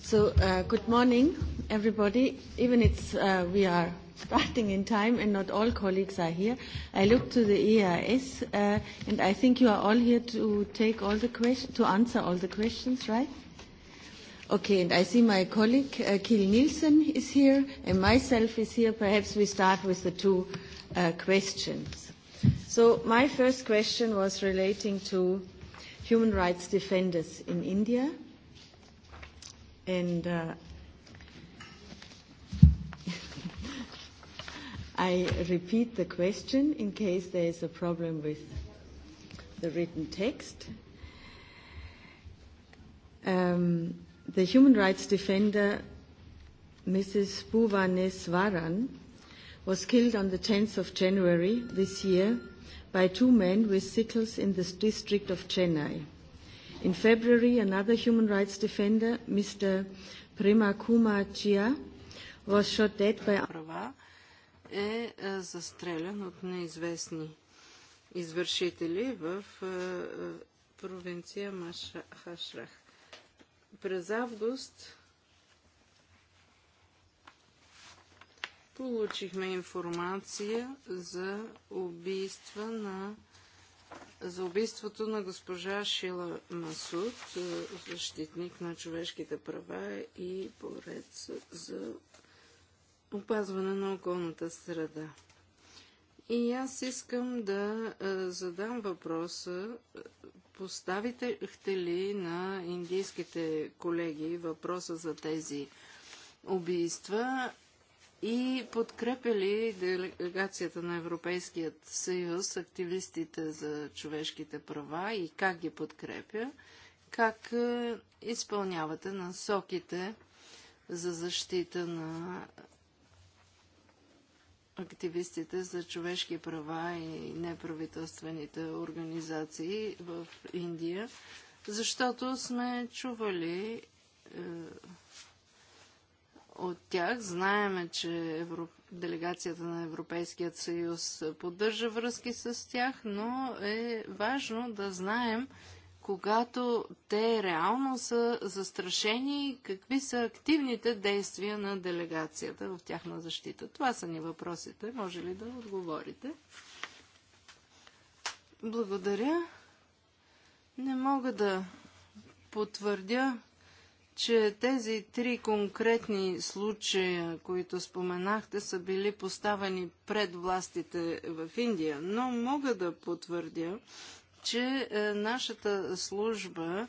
So, uh, good morning, everybody. Even it's uh, we are starting in time, and not all colleagues are here. I look to the EIS, uh, and I think you are all here to take all the questions, to answer all the questions, right? Okay, and I see my colleague, uh, Kiel Nielsen, is here, and myself is here. Perhaps we start with the two uh, questions. So my first question was relating to human rights defenders in India. And uh, I repeat the question in case there is a problem with the written text. Um, the human rights defender Mrs. Bhuvaneswaran was killed on the 10th of January this year by two men with sickles in the district of Chennai. In February, another human rights defender, Mr. Prima Kuma Chia, was shot dead by... Права е застрелян от неизвестни извършители в провинция Хашрах. През август получихме информация за убийства на за убийството на госпожа Шила Масуд, е, защитник на човешките права и борец за опазване на околната среда. И аз искам да е, задам въпроса Поставихте ли на индийските колеги въпроса за тези убийства и подкрепя ли делегацията на Европейският съюз активистите за човешките права и как ги подкрепя? Как е, изпълнявате насоките за защита на активистите за човешки права и неправителствените организации в Индия, защото сме чували е, от тях. Знаеме, че Евро... делегацията на Европейският съюз поддържа връзки с тях, но е важно да знаем когато те реално са застрашени, какви са активните действия на делегацията в тяхна защита? Това са ни въпросите. Може ли да отговорите? Благодаря. Не мога да потвърдя, че тези три конкретни случая, които споменахте, са били поставени пред властите в Индия, но мога да потвърдя, че е, нашата служба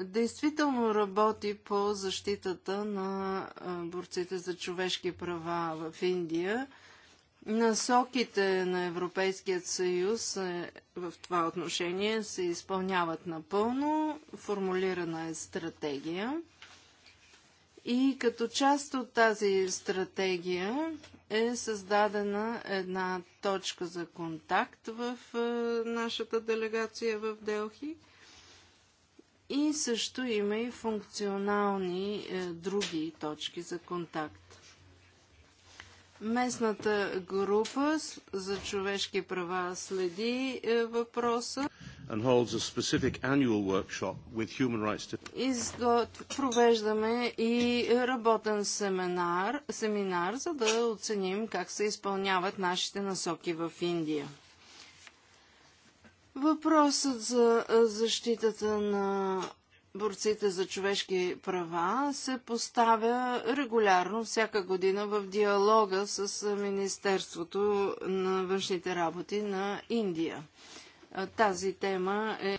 действително работи по защитата на е, борците за човешки права в Индия. Насоките на Европейският съюз е, в това отношение се изпълняват напълно. Формулирана е стратегия. И като част от тази стратегия е създадена една точка за контакт в е, нашата делегация в Делхи. И също има и функционални е, други точки за контакт. Местната група за човешки права следи е, въпроса and holds a specific annual workshop with human rights to... Провеждаме и работен семинар, семинар, за да оценим как се изпълняват нашите насоки в Индия. Въпросът за е, защитата на борците за човешки права се поставя регулярно всяка година в диалога с Министерството на външните работи на Индия. Тази тема е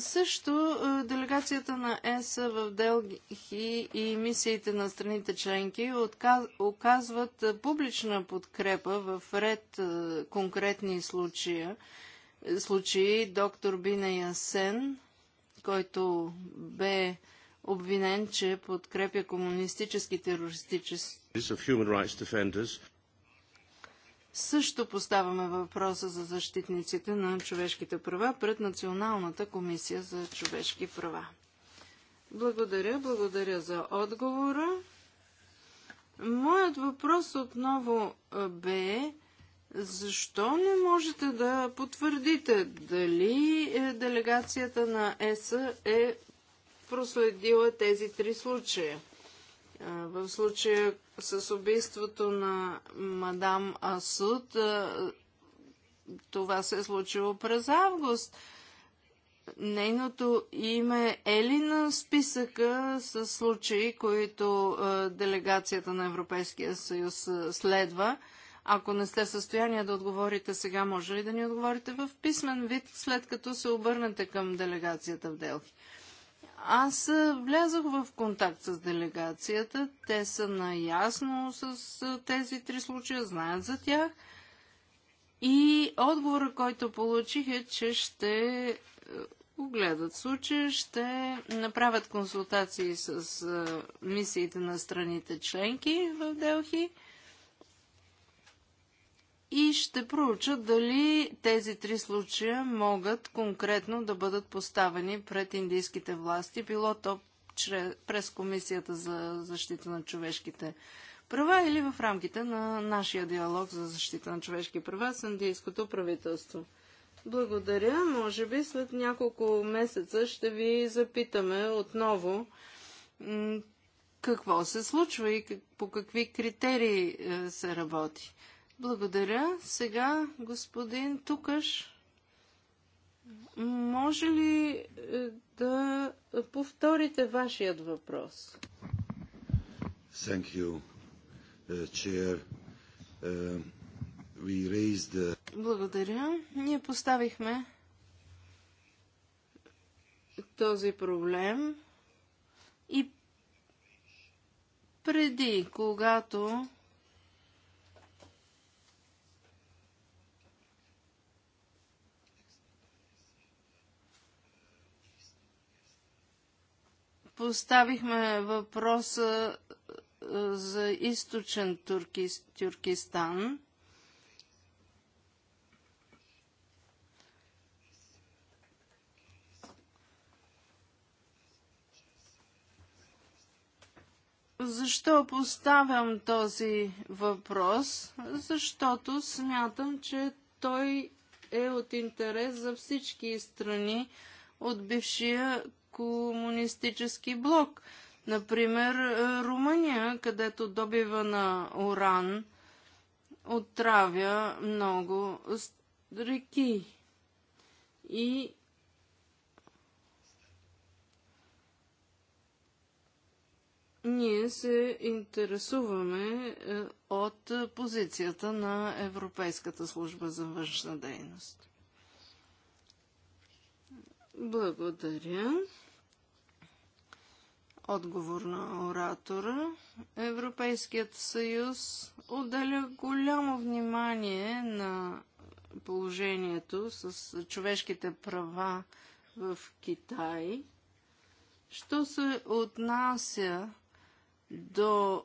също делегацията на ЕС в Делхи и мисиите на страните членки оказват публична подкрепа в ред конкретни случая случаи доктор Бина Ясен, който бе обвинен, че подкрепя комунистически терористически. Също поставяме въпроса за защитниците на човешките права пред Националната комисия за човешки права. Благодаря, благодаря за отговора. Моят въпрос отново бе защо не можете да потвърдите дали е, делегацията на ЕС е проследила тези три случая? В случая с убийството на мадам Асуд, това се е случило през август. Нейното име е ли на списъка с случаи, които делегацията на Европейския съюз следва? Ако не сте в състояние да отговорите сега, може ли да ни отговорите в писмен вид, след като се обърнете към делегацията в Делхи. Аз влязох в контакт с делегацията. Те са наясно с тези три случая, знаят за тях. И отговора, който получих е, че ще огледат случая, ще направят консултации с мисиите на страните членки в Делхи и ще проуча дали тези три случая могат конкретно да бъдат поставени пред индийските власти, било то през Комисията за защита на човешките права или в рамките на нашия диалог за защита на човешки права с индийското правителство. Благодаря. Може би след няколко месеца ще ви запитаме отново какво се случва и по какви критерии е, се работи. Благодаря. Сега господин Тукаш, може ли е, да повторите вашият въпрос? Thank you, uh, chair. Uh, we raised the... Благодаря. Ние поставихме този проблем и преди, когато Поставихме въпроса е, за източен Турки, Тюркистан. Защо поставям този въпрос? Защото смятам, че той е от интерес за всички страни от бившия комунистически блок. Например, е, Румъния, където добива на уран отравя много реки. И ние се интересуваме е, от позицията на Европейската служба за външна дейност. Благодаря. Отговор на оратора. Европейският съюз отделя голямо внимание на положението с човешките права в Китай. Що се отнася до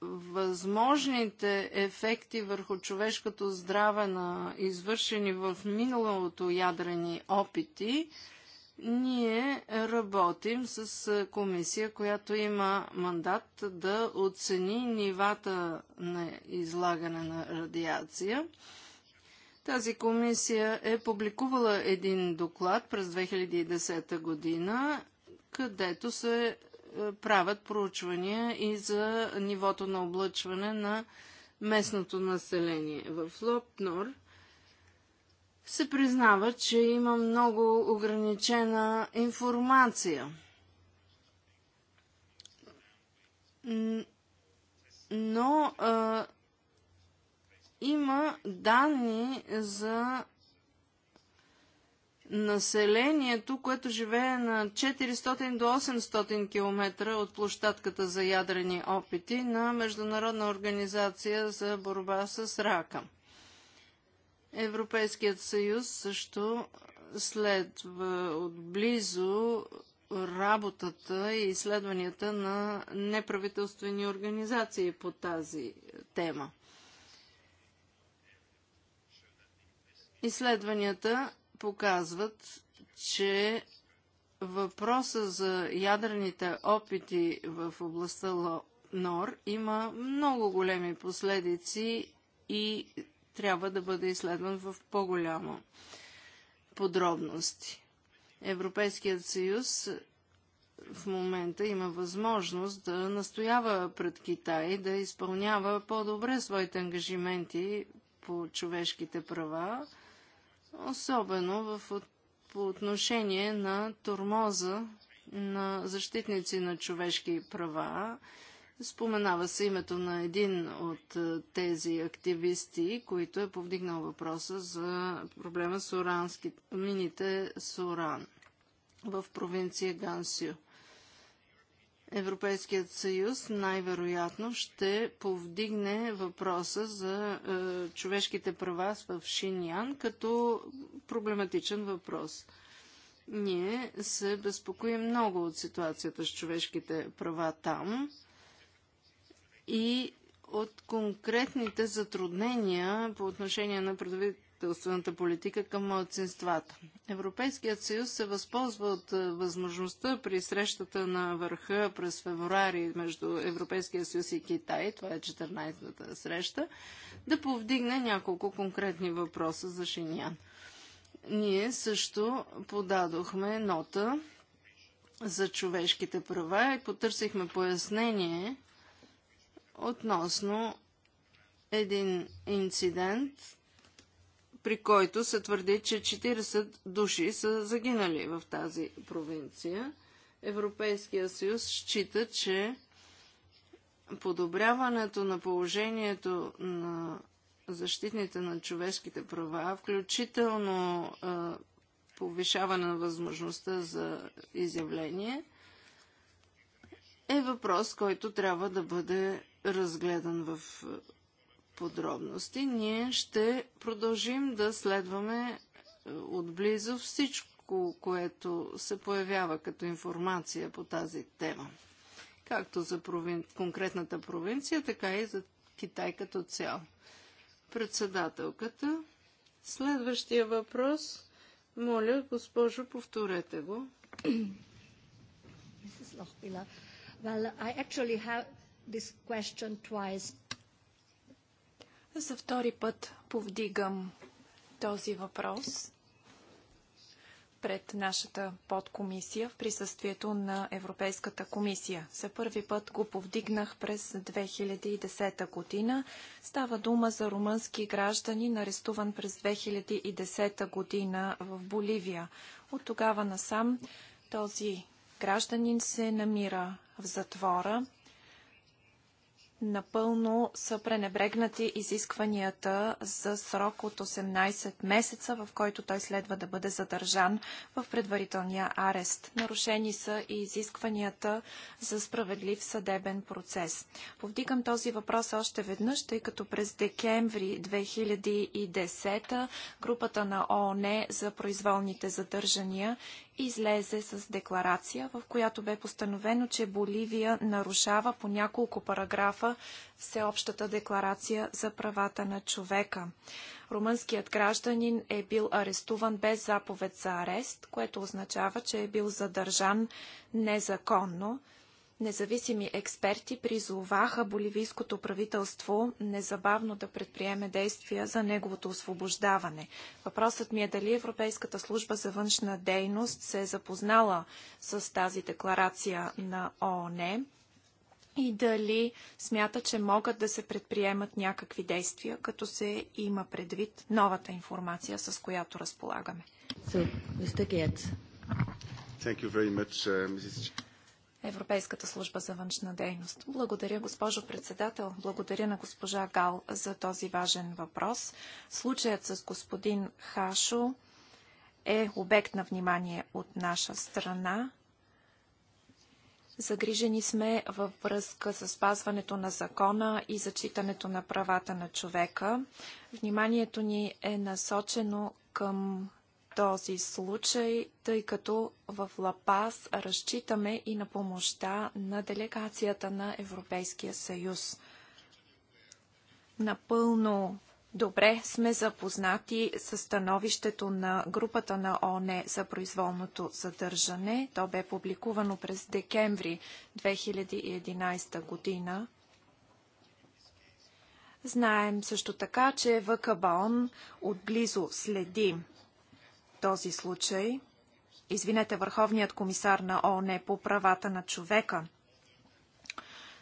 възможните ефекти върху човешкото здраве на извършени в миналото ядрени опити, ние работим с комисия, която има мандат да оцени нивата на излагане на радиация. Тази комисия е публикувала един доклад през 2010 година, където се е, правят проучвания и за нивото на облъчване на местното население. В Лопнор – се признава, че има много ограничена информация. Но а, има данни за населението, което живее на 400 до 800 км от площадката за ядрени опити на Международна организация за борба с рака. Европейският съюз също следва отблизо работата и изследванията на неправителствени организации по тази тема. Изследванията показват, че въпроса за ядрените опити в областта Нор има много големи последици и трябва да бъде изследван в по-голяма подробности. Европейският съюз в момента има възможност да настоява пред Китай да изпълнява по-добре своите ангажименти по човешките права, особено в, по отношение на тормоза на защитници на човешки права Споменава се името на един от е, тези активисти, които е повдигнал въпроса за проблема с урански, мините с уран в провинция Гансио. Европейският съюз най-вероятно ще повдигне въпроса за е, човешките права в Шиньян като проблематичен въпрос. Ние се безпокоим много от ситуацията с човешките права там и от конкретните затруднения по отношение на правителствената политика към младсинствата. Европейският съюз се възползва от е, възможността при срещата на върха през февруари между Европейския съюз и Китай, това е 14-та среща, да повдигне няколко конкретни въпроса за Шиньян. Ние също подадохме нота за човешките права и потърсихме пояснение относно един инцидент, при който се твърди, че 40 души са загинали в тази провинция. Европейския съюз счита, че подобряването на положението на защитните на човешките права, включително повишаване на възможността за изявление, е въпрос, който трябва да бъде разгледан в е, подробности. Ние ще продължим да следваме е, отблизо всичко, което се появява като информация по тази тема. Както за провин... конкретната провинция, така и за Китай като цял. Председателката. Следващия въпрос. Моля, госпожо, повторете го. well, I actually have this question twice. За втори път повдигам този въпрос пред нашата подкомисия в присъствието на Европейската комисия. За първи път го повдигнах през 2010 година. Става дума за румънски граждани, арестуван през 2010 година в Боливия. От тогава насам този гражданин се намира в затвора. Напълно са пренебрегнати изискванията за срок от 18 месеца, в който той следва да бъде задържан в предварителния арест. Нарушени са и изискванията за справедлив съдебен процес. Повдигам този въпрос още веднъж, тъй като през декември 2010 групата на ООН за произволните задържания излезе с декларация, в която бе постановено, че Боливия нарушава по няколко параграфа Всеобщата декларация за правата на човека. Румънският гражданин е бил арестуван без заповед за арест, което означава, че е бил задържан незаконно. Независими експерти призоваха боливийското правителство незабавно да предприеме действия за неговото освобождаване. Въпросът ми е дали Европейската служба за външна дейност се е запознала с тази декларация на ООН и дали смята, че могат да се предприемат някакви действия, като се има предвид новата информация, с която разполагаме. So, Mr. Thank you very much, uh, Mrs. Европейската служба за външна дейност. Благодаря, госпожо председател. Благодаря на госпожа Гал за този важен въпрос. Случаят с господин Хашо е обект на внимание от наша страна. Загрижени сме във връзка с спазването на закона и зачитането на правата на човека. Вниманието ни е насочено към този случай, тъй като в Лапас разчитаме и на помощта на делегацията на Европейския съюз. Напълно добре сме запознати с становището на групата на ОНЕ за произволното задържане. То бе публикувано през декември 2011 година. Знаем също така, че ВКБОН отблизо следи този случай, извинете, Върховният комисар на ООН е по правата на човека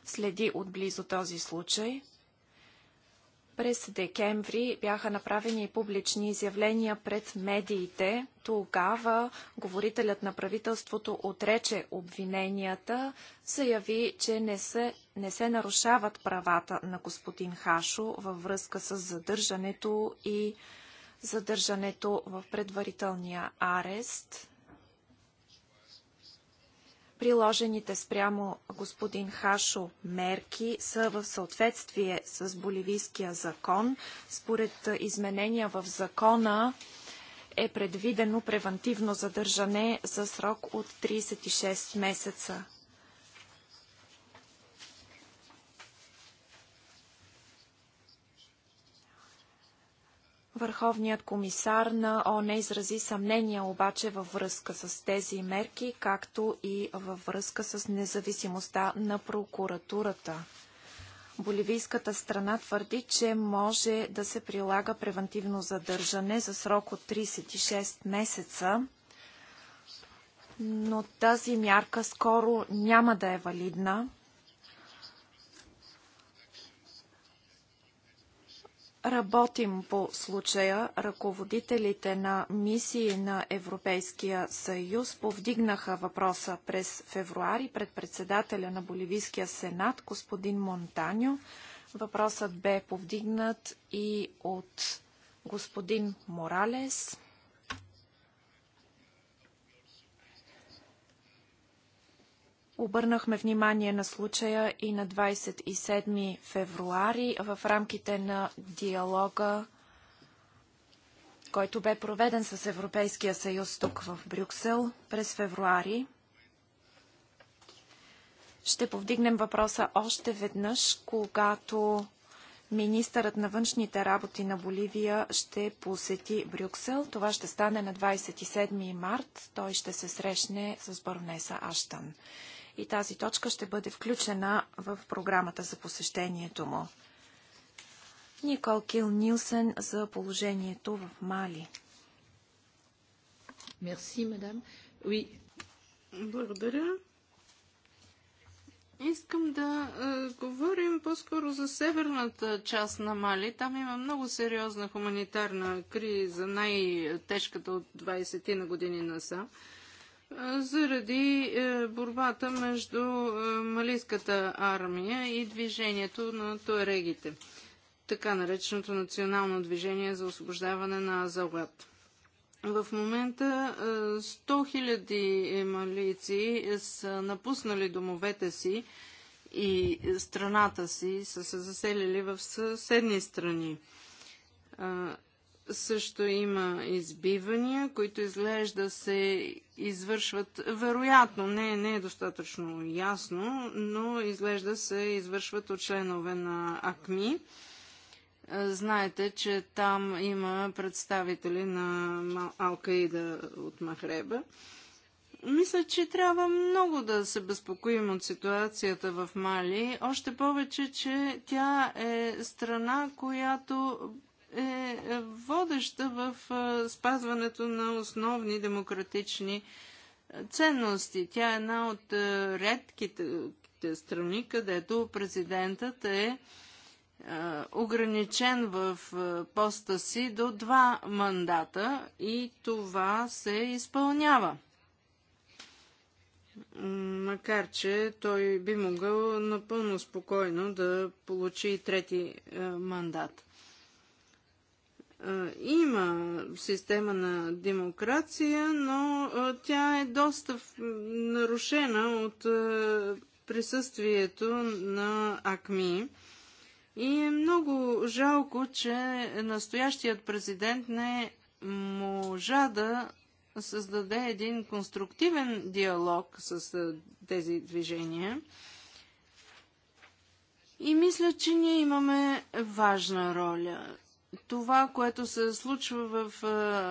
следи отблизо този случай. През декември бяха направени публични изявления пред медиите. Тогава говорителят на правителството отрече обвиненията, заяви, че не се, не се нарушават правата на господин Хашо във връзка с задържането и задържането в предварителния арест, приложените спрямо господин Хашо мерки са в съответствие с боливийския закон. Според изменения в закона е предвидено превантивно задържане за срок от 36 месеца. Върховният комисар на ОНЕ изрази съмнения обаче във връзка с тези мерки, както и във връзка с независимостта на прокуратурата. Боливийската страна твърди, че може да се прилага превентивно задържане за срок от 36 месеца, но тази мярка скоро няма да е валидна. Работим по случая. Ръководителите на мисии на Европейския съюз повдигнаха въпроса през февруари пред председателя на Боливийския сенат, господин Монтаньо. Въпросът бе повдигнат и от господин Моралес. Обърнахме внимание на случая и на 27 февруари в рамките на диалога, който бе проведен с Европейския съюз тук в Брюксел през февруари. Ще повдигнем въпроса още веднъж, когато министърът на външните работи на Боливия ще посети Брюксел. Това ще стане на 27 март. Той ще се срещне с баронеса Аштан и тази точка ще бъде включена в програмата за посещението му. Никол Кил Нилсен за положението в Мали. Мерси, мадам. Oui. Благодаря. Искам да е, говорим по-скоро за северната част на Мали. Там има много сериозна хуманитарна криза, най-тежката от 20 ти на години насам. сам заради е, борбата между е, малийската армия и движението на туарегите, така нареченото национално движение за освобождаване на Азалат. В момента 100 е, 000 малийци са напуснали домовете си и страната си, са се заселили в съседни страни също има избивания, които изглежда се извършват, вероятно, не, не е достатъчно ясно, но изглежда се извършват от членове на АКМИ. Знаете, че там има представители на Алкаида от Махреба. Мисля, че трябва много да се безпокоим от ситуацията в Мали, още повече, че тя е страна, която е, е водеща в е, спазването на основни демократични е, ценности. Тя е една от редките страни, където президентът е ограничен в поста си до два мандата и това се изпълнява. Макар, че той би могъл напълно спокойно да получи трети мандат. Е, има система на демокрация, но е, тя е доста нарушена от е, присъствието на АКМИ. И е много жалко, че настоящият президент не можа да създаде един конструктивен диалог с тези движения. И мисля, че ние имаме важна роля това, което се случва в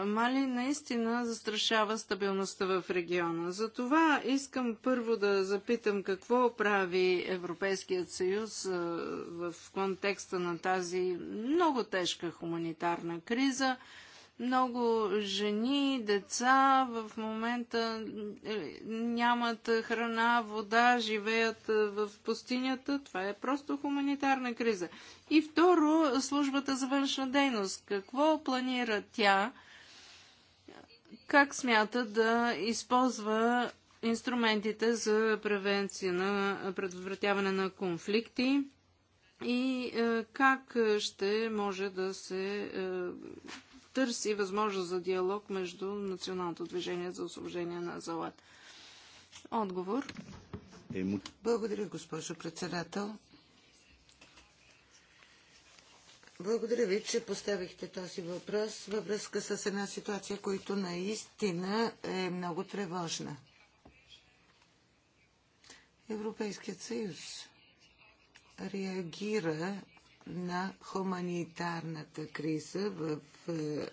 Мали, наистина застрашава стабилността в региона. Затова искам първо да запитам какво прави Европейският съюз в контекста на тази много тежка хуманитарна криза – много жени, деца в момента е, нямат храна, вода, живеят е, в пустинята. Това е просто хуманитарна криза. И второ, службата за външна дейност. Какво планира тя? Как смята да използва инструментите за превенция на предотвратяване на конфликти и е, как ще може да се е, търси възможност за диалог между Националното движение за освобождение на Азалат? Отговор. Благодаря, госпожо председател. Благодаря ви, че поставихте този въпрос във връзка с една ситуация, която наистина е много тревожна. Европейският съюз реагира на хуманитарната криза в е,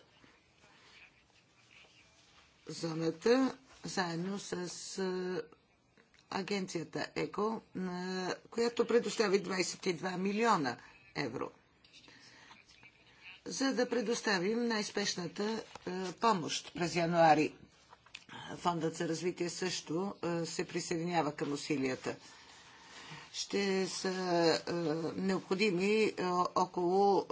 зоната, заедно с е, агенцията ЕКО, е, която предостави 22 милиона евро, за да предоставим най-спешната помощ през януари. Фондът за развитие също се присъединява към усилията ще са е, необходими е, около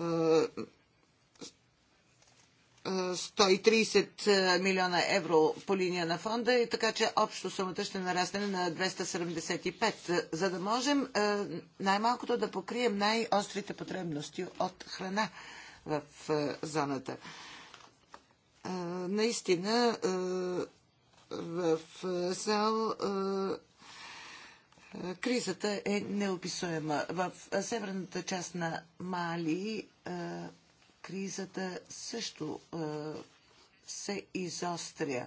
130 е, милиона евро по линия на фонда, и така че общо сумата ще нарасне на 275, за да можем най-малкото да покрием най-острите потребности от храна в зоната. Наистина в сел. Е, кризата е неописуема. В северната част на Мали е, кризата също е, се изостря.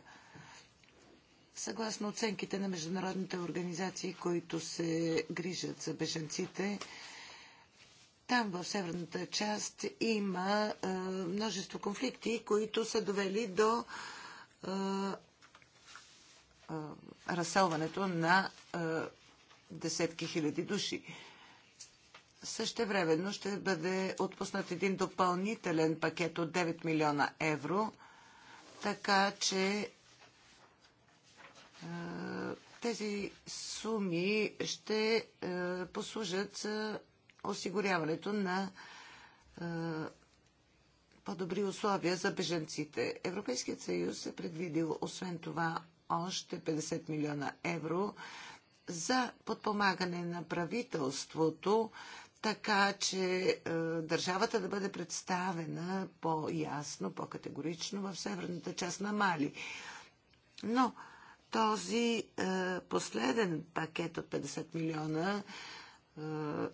Съгласно оценките на международните организации, които се грижат за бежанците, там в северната част има е, множество конфликти, които са довели до разселването на десетки хиляди души. времено ще бъде отпуснат един допълнителен пакет от 9 милиона евро, така че тези суми ще послужат за осигуряването на по-добри условия за беженците. Европейският съюз е предвидил, освен това, още 50 милиона евро за подпомагане на правителството, така че е, държавата да бъде представена по-ясно, по-категорично в северната част на Мали. Но този е, последен пакет от 50 милиона е, да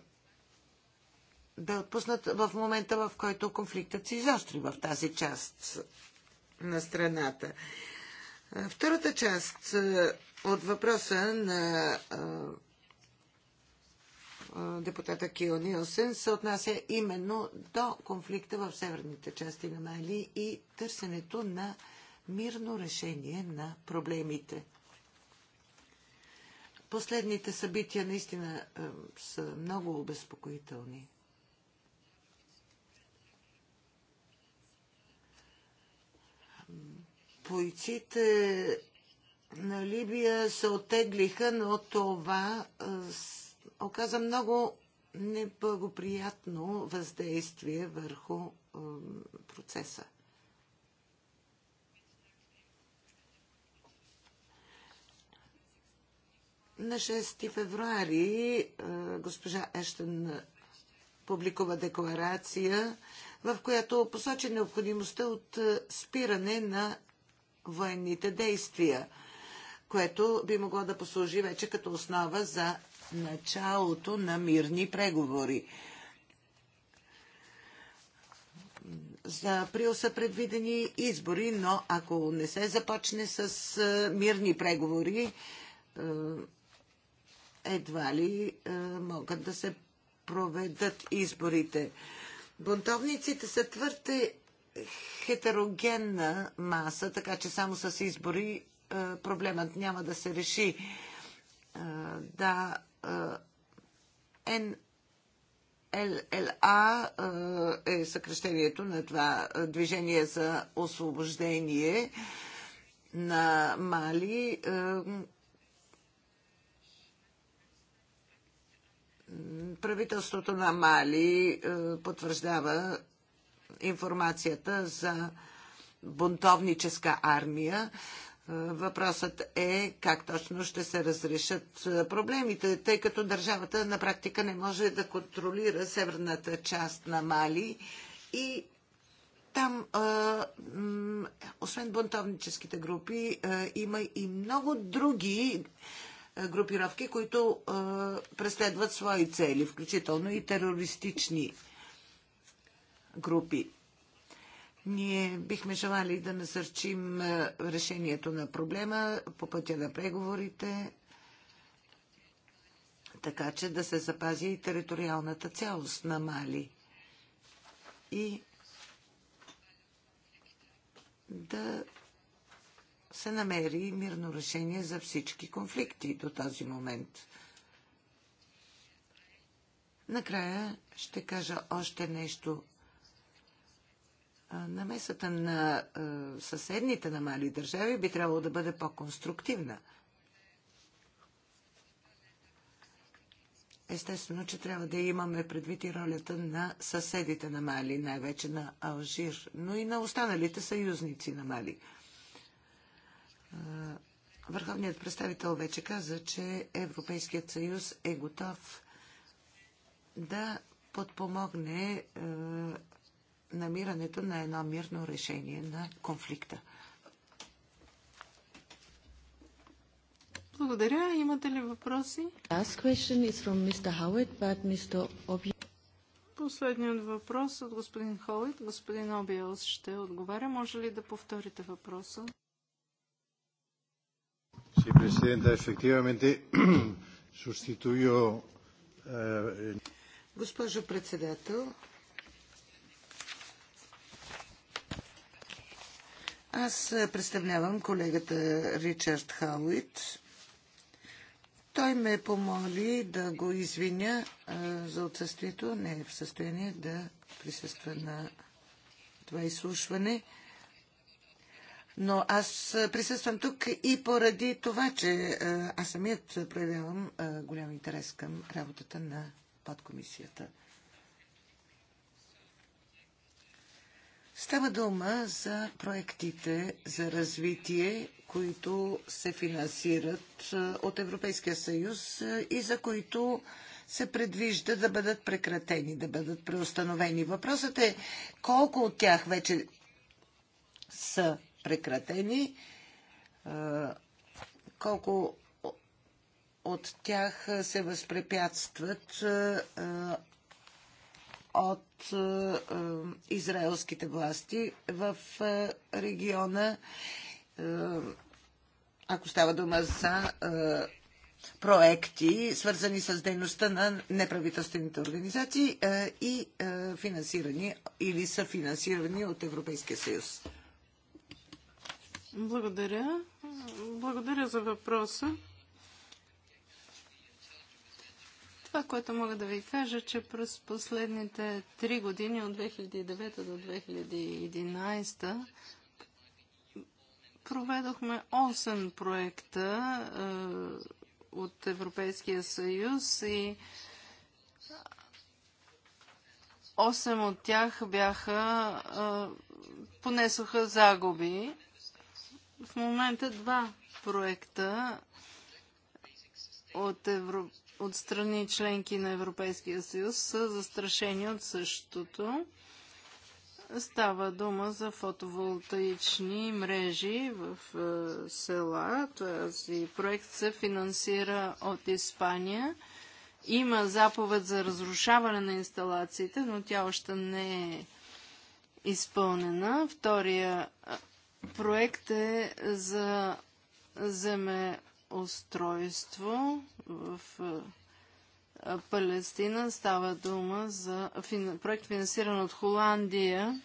да е отпуснат в момента, в който конфликтът се изостри в тази част на страната. Втората част от въпроса на депутата Кио Нилсен се отнася именно до конфликта в северните части на Мали и търсенето на мирно решение на проблемите. Последните събития наистина са много обезпокоителни. бойците на Либия се оттеглиха, но това е, оказа много неблагоприятно въздействие върху е, процеса. На 6 февруари е, госпожа Ештен публикува декларация, в която посочи необходимостта от спиране на военните действия, което би могло да послужи вече като основа за началото на мирни преговори. За април са предвидени избори, но ако не се започне с мирни преговори, едва ли могат да се проведат изборите. Бунтовниците са твърде хетерогенна маса, така че само с избори е, проблемът няма да се реши. Е, да, е, НЛЛА е съкрещението на това движение за освобождение на Мали. Правителството на Мали потвърждава информацията за бунтовническа армия. Е, въпросът е как точно ще се разрешат е, проблемите, тъй като държавата на практика не може да контролира северната част на Мали и там, е, освен бунтовническите групи, има и много други групировки, които преследват свои цели, включително и терористични групи. Ние бихме желали да насърчим решението на проблема по пътя на преговорите, така че да се запази и териториалната цялост на Мали и да се намери мирно решение за всички конфликти до този момент. Накрая ще кажа още нещо намесата на съседните на Мали държави би трябвало да бъде по-конструктивна. Естествено, че трябва да имаме предвид и ролята на съседите на Мали, най-вече на Алжир, но и на останалите съюзници на Мали. Върховният представител вече каза, че Европейският съюз е готов да подпомогне намирането на едно мирно решение на конфликта. Благодаря. Имате ли въпроси? Последният въпрос от господин Холит. Господин Обиелс ще отговаря. Може ли да повторите въпроса? Си президента, efectivamente sustituyo... Eh, Госпожо председател, Аз представлявам колегата Ричард Хауит. Той ме помоли да го извиня за отсъствието. Не е в състояние да присъства на това изслушване. Но аз присъствам тук и поради това, че аз самият проявявам голям интерес към работата на подкомисията. Става дума за проектите за развитие, които се финансират от Европейския съюз и за които се предвижда да бъдат прекратени, да бъдат преустановени. Въпросът е колко от тях вече са прекратени, колко от тях се възпрепятстват от е, е, израелските власти в е, региона, ако става дума за проекти, свързани с дейността на неправителствените организации и финансирани или са финансирани от Европейския съюз. Благодаря. Благодаря за въпроса. Това, което мога да ви кажа, че през последните три години, от 2009 до 2011, проведохме 8 проекта е, от Европейския съюз и 8 от тях бяха, е, понесоха загуби. В момента два проекта от Европейския от страни членки на Европейския съюз са застрашени от същото. Става дума за фотоволтаични мрежи в е, села. Този проект се финансира от Испания. Има заповед за разрушаване на инсталациите, но тя още не е изпълнена. Втория е, проект е за земе устройство в Палестина. Става дума за проект финансиран от Холандия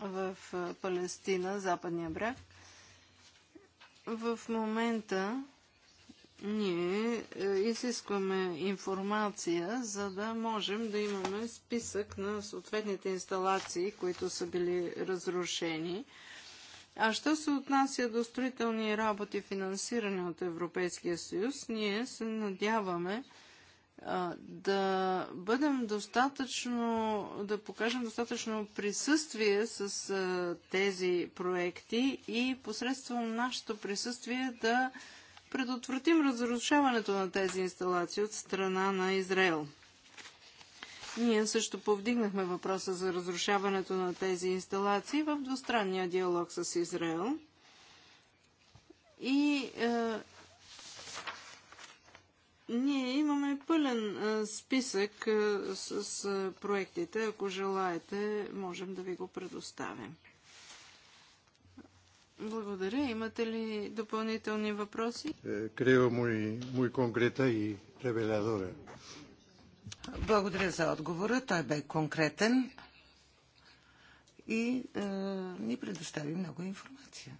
в Палестина, Западния бряг. В момента ние е, изискваме информация, за да можем да имаме списък на съответните инсталации, които са били разрушени. А що се отнася до строителни работи, финансирани от Европейския съюз, ние се надяваме да бъдем достатъчно, да покажем достатъчно присъствие с тези проекти и посредством нашето присъствие да предотвратим разрушаването на тези инсталации от страна на Израел. Ние също повдигнахме въпроса за разрушаването на тези инсталации в двустранния диалог с Израел. И е, ние имаме пълен е, списък е, с, с е, проектите. Ако желаете, можем да ви го предоставим. Благодаря. Имате ли допълнителни въпроси? Creo е, мой muy и y благодаря за отговора. Той бе конкретен и е, ни предостави много информация.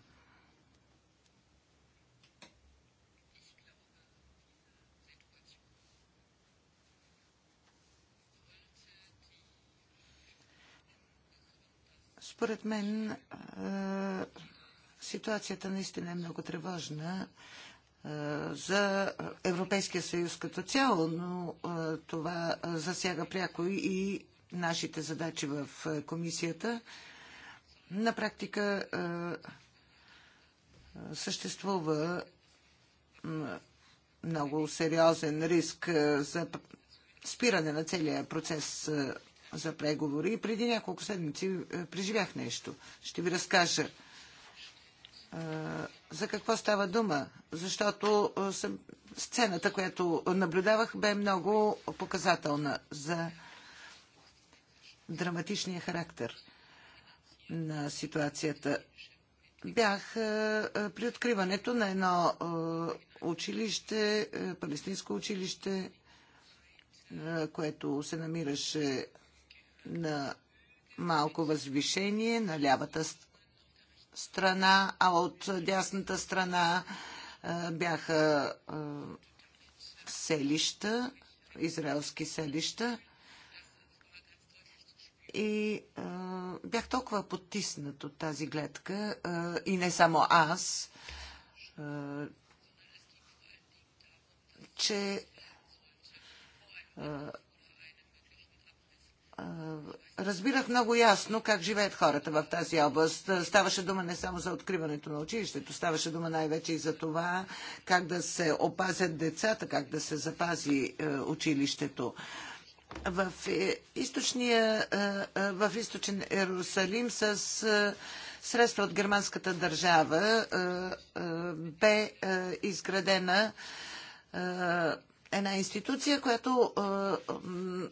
Според мен е, ситуацията наистина е много тревожна е, за Европейския съюз като цяло, но е, това засяга пряко и нашите задачи в е, комисията. На практика съществува много сериозен риск за спиране на целия процес за преговори. Преди няколко седмици преживях нещо. Ще ви разкажа за какво става дума, защото сцената, която наблюдавах, бе много показателна за драматичния характер на ситуацията. Бях при откриването на едно училище, палестинско училище, което се намираше на малко възвишение на лявата страна страна, а от дясната страна е, бяха е, селища, израелски селища. И а, е, бях толкова потиснат от тази гледка, а, и не само аз, а, че а, разбирах много ясно как живеят хората в тази област. Ставаше дума не само за откриването на училището, ставаше дума най-вече и за това как да се опазят децата, как да се запази е, училището. В, е, източния, е, в източен Иерусалим с средства от германската държава бе изградена една институция, която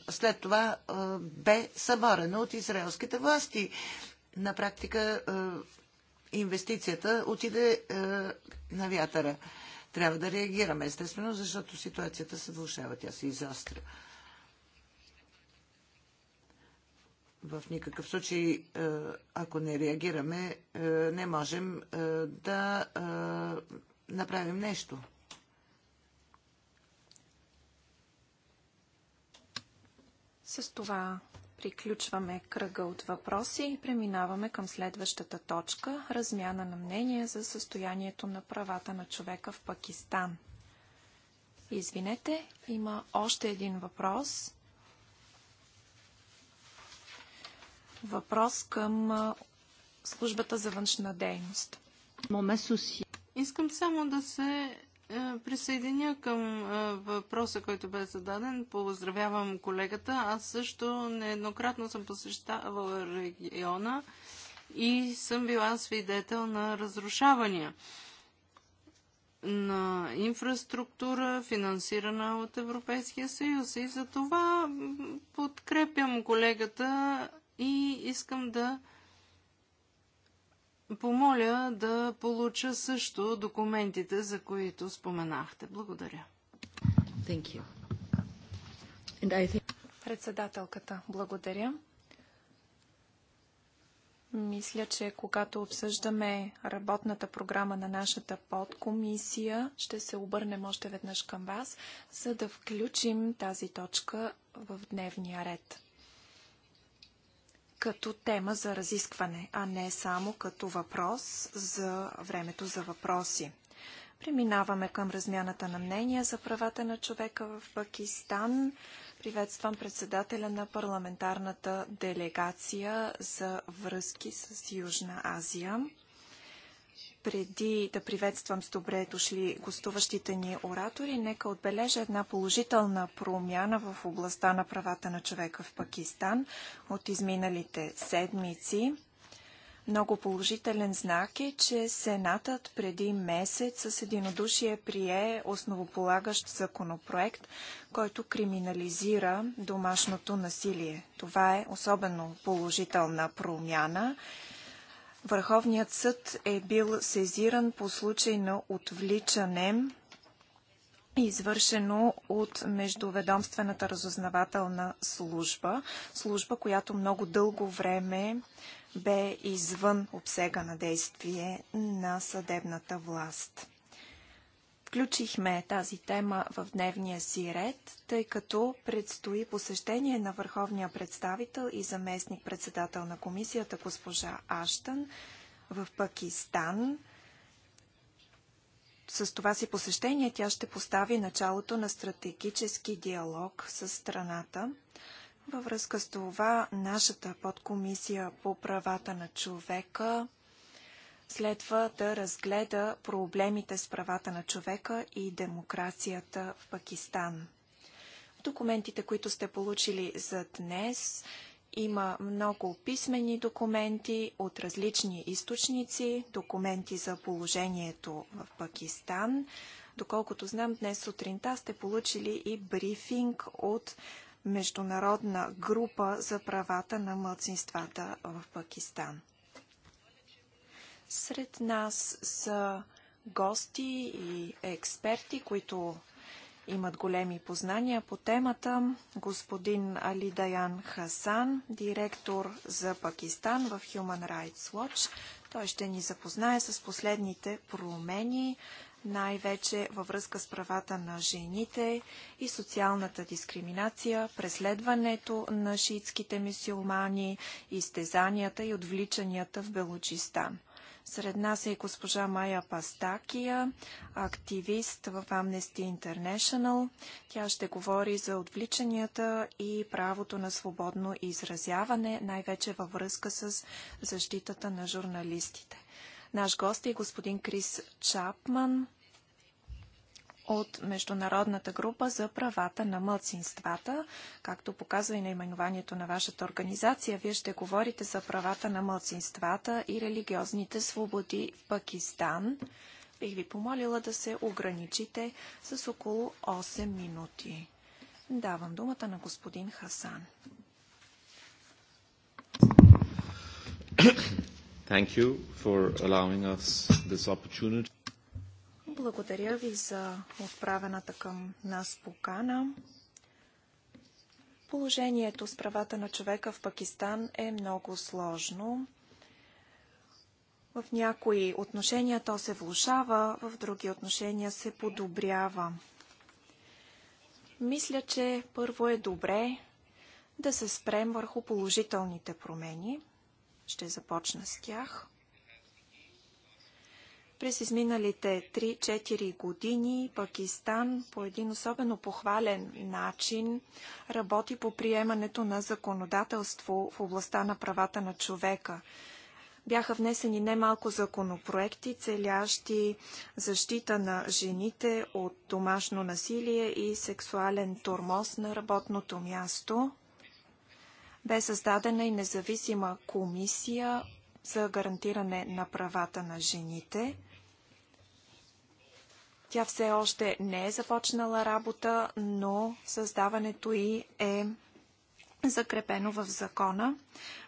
е, след това е, бе съборена от израелските власти. На практика е, инвестицията отиде на вятъра. Трябва да реагираме, естествено, защото ситуацията се влушава, тя се изостря. В никакъв случай, ако не реагираме, не можем да направим нещо. С това приключваме кръга от въпроси и преминаваме към следващата точка – размяна на мнение за състоянието на правата на човека в Пакистан. Извинете, има още един въпрос. Въпрос към службата за външна дейност. Искам само да се е, присъединя към е, въпроса, който бе зададен. Поздравявам колегата. Аз също нееднократно съм посещавала региона и съм била свидетел на разрушавания на инфраструктура, финансирана от Европейския съюз. И за това подкрепям колегата и искам да помоля да получа също документите, за които споменахте. Благодаря. Thank you. And I think... Председателката, благодаря. Мисля, че когато обсъждаме работната програма на нашата подкомисия, ще се обърнем още веднъж към вас, за да включим тази точка в дневния ред като тема за разискване, а не само като въпрос за времето за въпроси. Преминаваме към размяната на мнения за правата на човека в Пакистан. Приветствам председателя на парламентарната делегация за връзки с Южна Азия. Преди да приветствам с добре дошли гостуващите ни оратори, нека отбележа една положителна промяна в областта на правата на човека в Пакистан от изминалите седмици. Много положителен знак е, че Сенатът преди месец с единодушие прие основополагащ законопроект, който криминализира домашното насилие. Това е особено положителна промяна. Върховният съд е бил сезиран по случай на отвличане, извършено от Междуведомствената разузнавателна служба, служба, която много дълго време бе извън обсега на действие на съдебната власт. Включихме тази тема в дневния си ред, тъй като предстои посещение на върховния представител и заместник председател на комисията госпожа Аштън в Пакистан. С това си посещение тя ще постави началото на стратегически диалог с страната. Във връзка с това, нашата подкомисия по правата на човека следва да разгледа проблемите с правата на човека и демокрацията в Пакистан. В документите, които сте получили за днес, има много писмени документи от различни източници, документи за положението в Пакистан. Доколкото знам, днес сутринта сте получили и брифинг от Международна група за правата на младсинствата в Пакистан. Сред нас са гости и експерти, които имат големи познания по темата. Господин Али Даян Хасан, директор за Пакистан в Human Rights Watch. Той ще ни запознае с последните промени, най-вече във връзка с правата на жените и социалната дискриминация, преследването на шиитските мисюлмани, изтезанията и отвличанията в Белочистан. Сред нас е и госпожа Майя Пастакия, активист в Amnesty International. Тя ще говори за отвличанията и правото на свободно изразяване, най-вече във връзка с защитата на журналистите. Наш гост е господин Крис Чапман, от Международната група за правата на мълцинствата. Както показва и наименованието на вашата организация, вие ще говорите за правата на мълцинствата и религиозните свободи в Пакистан. Бих ви помолила да се ограничите с около 8 минути. Давам думата на господин Хасан. Thank you for allowing us this opportunity. Благодаря ви за отправената към нас покана. Положението с правата на човека в Пакистан е много сложно. В някои отношения то се влушава, в други отношения се подобрява. Мисля, че първо е добре да се спрем върху положителните промени. Ще започна с тях. През изминалите 3-4 години Пакистан по един особено похвален начин работи по приемането на законодателство в областта на правата на човека бяха внесени немалко законопроекти, целящи защита на жените от домашно насилие и сексуален тормоз на работното място. Бе създадена и независима комисия за гарантиране на правата на жените. Тя все още не е започнала работа, но създаването й е закрепено в закона.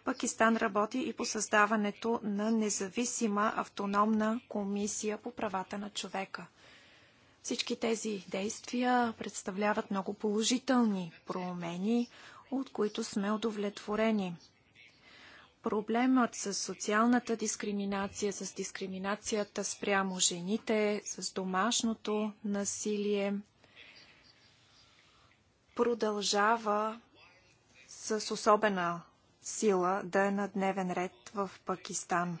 Пакистан работи и по създаването на независима автономна комисия по правата на човека. Всички тези действия представляват много положителни промени, от които сме удовлетворени. Проблемът с социалната дискриминация, с дискриминацията спрямо жените, с домашното насилие продължава с особена сила да е на дневен ред в Пакистан.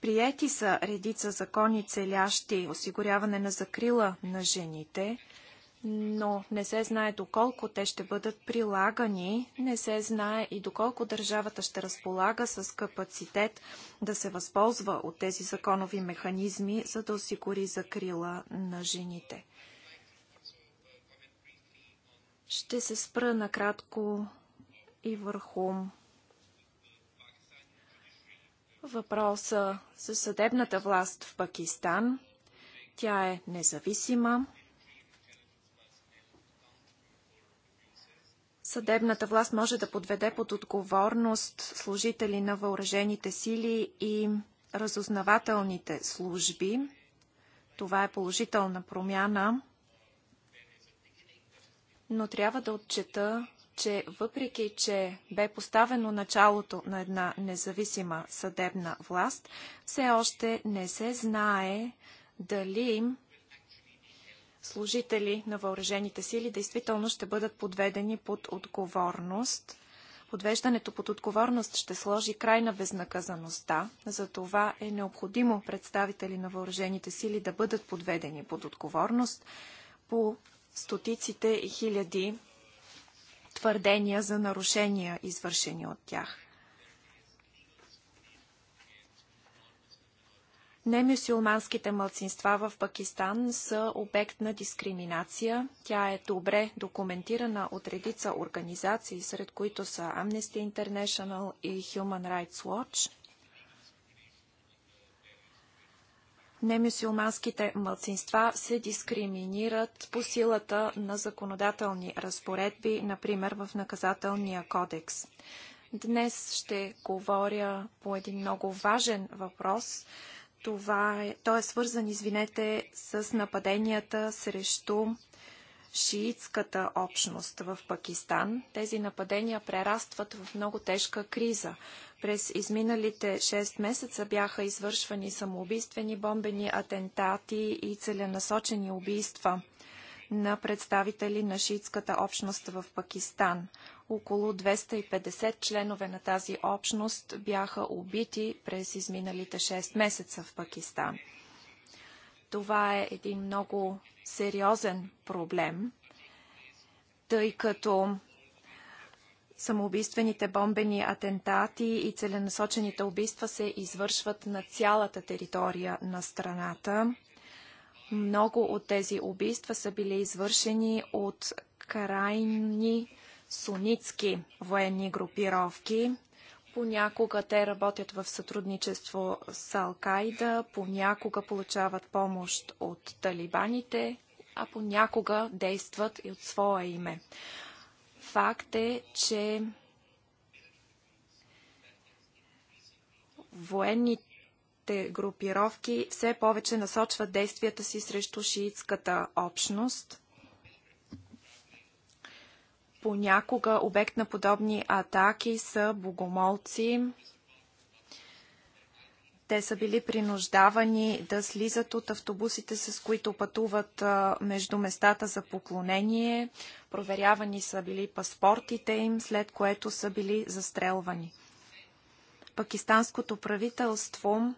Приети са редица закони, целящи осигуряване на закрила на жените – но не се знае доколко те ще бъдат прилагани, не се знае и доколко държавата ще разполага с капацитет да се възползва от тези законови механизми, за да осигури закрила на жените. Ще се спра накратко и върху въпроса за съдебната власт в Пакистан. Тя е независима, Съдебната власт може да подведе под отговорност служители на въоръжените сили и разузнавателните служби. Това е положителна промяна, но трябва да отчета, че въпреки, че бе поставено началото на една независима съдебна власт, все още не се знае дали служители на въоръжените сили действително ще бъдат подведени под отговорност. Подвеждането под отговорност ще сложи край на безнаказаността. За това е необходимо представители на въоръжените сили да бъдат подведени под отговорност по стотиците и хиляди твърдения за нарушения, извършени от тях. Немюсюлманските мълцинства в Пакистан са обект на дискриминация. Тя е добре документирана от редица организации, сред които са Amnesty International и Human Rights Watch. Немюсюлманските мълцинства се дискриминират по силата на законодателни разпоредби, например в наказателния кодекс. Днес ще говоря по един много важен въпрос – това е, той е свързан, извинете, с нападенията срещу шиитската общност в Пакистан. Тези нападения прерастват в много тежка криза. През изминалите 6 месеца бяха извършвани самоубийствени бомбени атентати и целенасочени убийства на представители на шиитската общност в Пакистан. Около 250 членове на тази общност бяха убити през изминалите 6 месеца в Пакистан. Това е един много сериозен проблем, тъй като самоубийствените бомбени атентати и целенасочените убийства се извършват на цялата територия на страната. Много от тези убийства са били извършени от крайни сунитски военни групировки. Понякога те работят в сътрудничество с Алкайда, понякога получават помощ от талибаните, а понякога действат и от своя име. Факт е, че военните шиитските групировки все повече насочват действията си срещу шиитската общност. Понякога обект на подобни атаки са богомолци. Те са били принуждавани да слизат от автобусите, с които пътуват между местата за поклонение. Проверявани са били паспортите им, след което са били застрелвани пакистанското правителство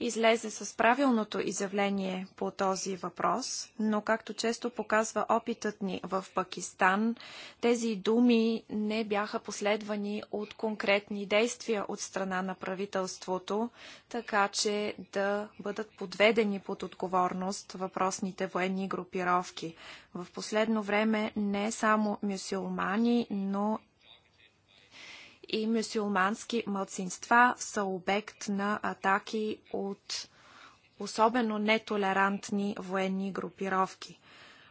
излезе с правилното изявление по този въпрос, но както често показва опитът ни в Пакистан, тези думи не бяха последвани от конкретни действия от страна на правителството, така че да бъдат подведени под отговорност въпросните военни групировки. В последно време не само мюсюлмани, но и мюсюлмански мълцинства са обект на атаки от особено нетолерантни военни групировки.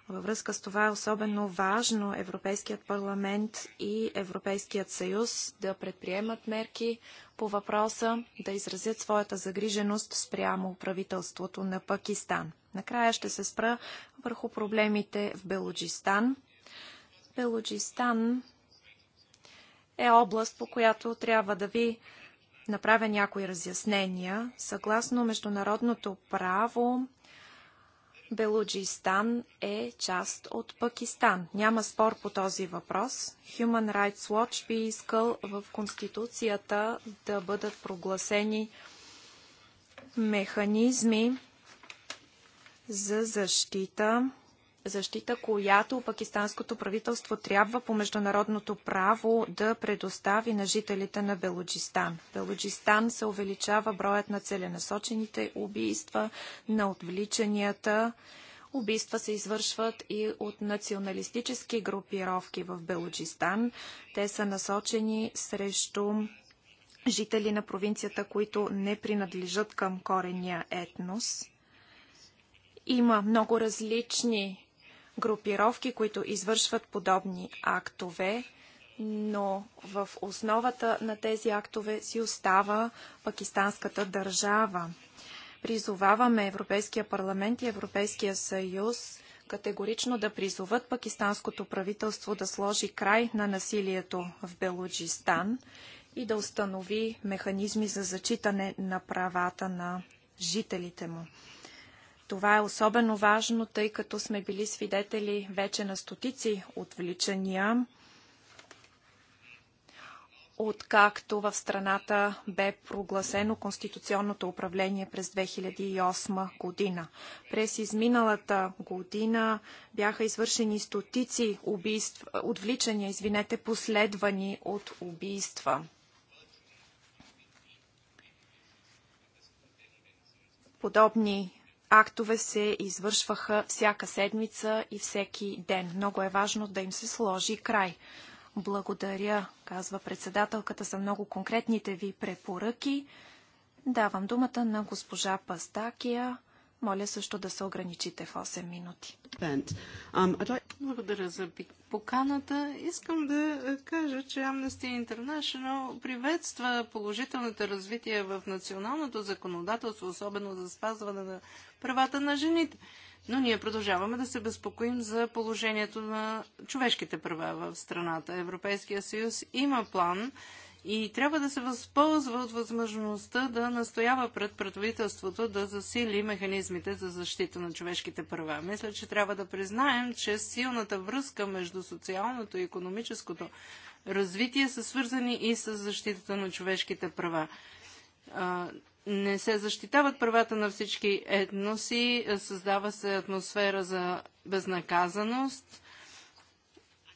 Във връзка с това е особено важно Европейският парламент и Европейският съюз да предприемат мерки по въпроса, да изразят своята загриженост спрямо правителството на Пакистан. Накрая ще се спра върху проблемите в Белоджистан. Белоджистан е област, по която трябва да ви направя някои разяснения. Съгласно международното право, Белуджистан е част от Пакистан. Няма спор по този въпрос. Human Rights Watch би искал в Конституцията да бъдат прогласени механизми за защита защита, която пакистанското правителство трябва по международното право да предостави на жителите на Белоджистан. В Белоджистан се увеличава броят на целенасочените убийства, на отвличанията. Убийства се извършват и от националистически групировки в Белоджистан. Те са насочени срещу жители на провинцията, които не принадлежат към корения етнос. Има много различни групировки, които извършват подобни актове, но в основата на тези актове си остава пакистанската държава. Призоваваме Европейския парламент и Европейския съюз категорично да призоват пакистанското правителство да сложи край на насилието в Белуджистан и да установи механизми за зачитане на правата на жителите му. Това е особено важно, тъй като сме били свидетели вече на стотици отвличания, откакто в страната бе прогласено конституционното управление през 2008 година. През изминалата година бяха извършени стотици убийств, отвличания, извинете, последвани от убийства. подобни актове се извършваха всяка седмица и всеки ден. Много е важно да им се сложи край. Благодаря, казва председателката, за много конкретните ви препоръки. Давам думата на госпожа Пастакия моля също да се ограничите в 8 минути. Благодаря за поканата. Искам да е, кажа, че Amnesty International приветства положителните развитие в националното законодателство, особено за спазване на правата на жените. Но ние продължаваме да се безпокоим за положението на човешките права в страната. Европейския съюз има план и трябва да се възползва от възможността да настоява пред правителството да засили механизмите за защита на човешките права. Мисля, че трябва да признаем, че силната връзка между социалното и економическото развитие са свързани и с защитата на човешките права не се защитават правата на всички етноси, създава се атмосфера за безнаказаност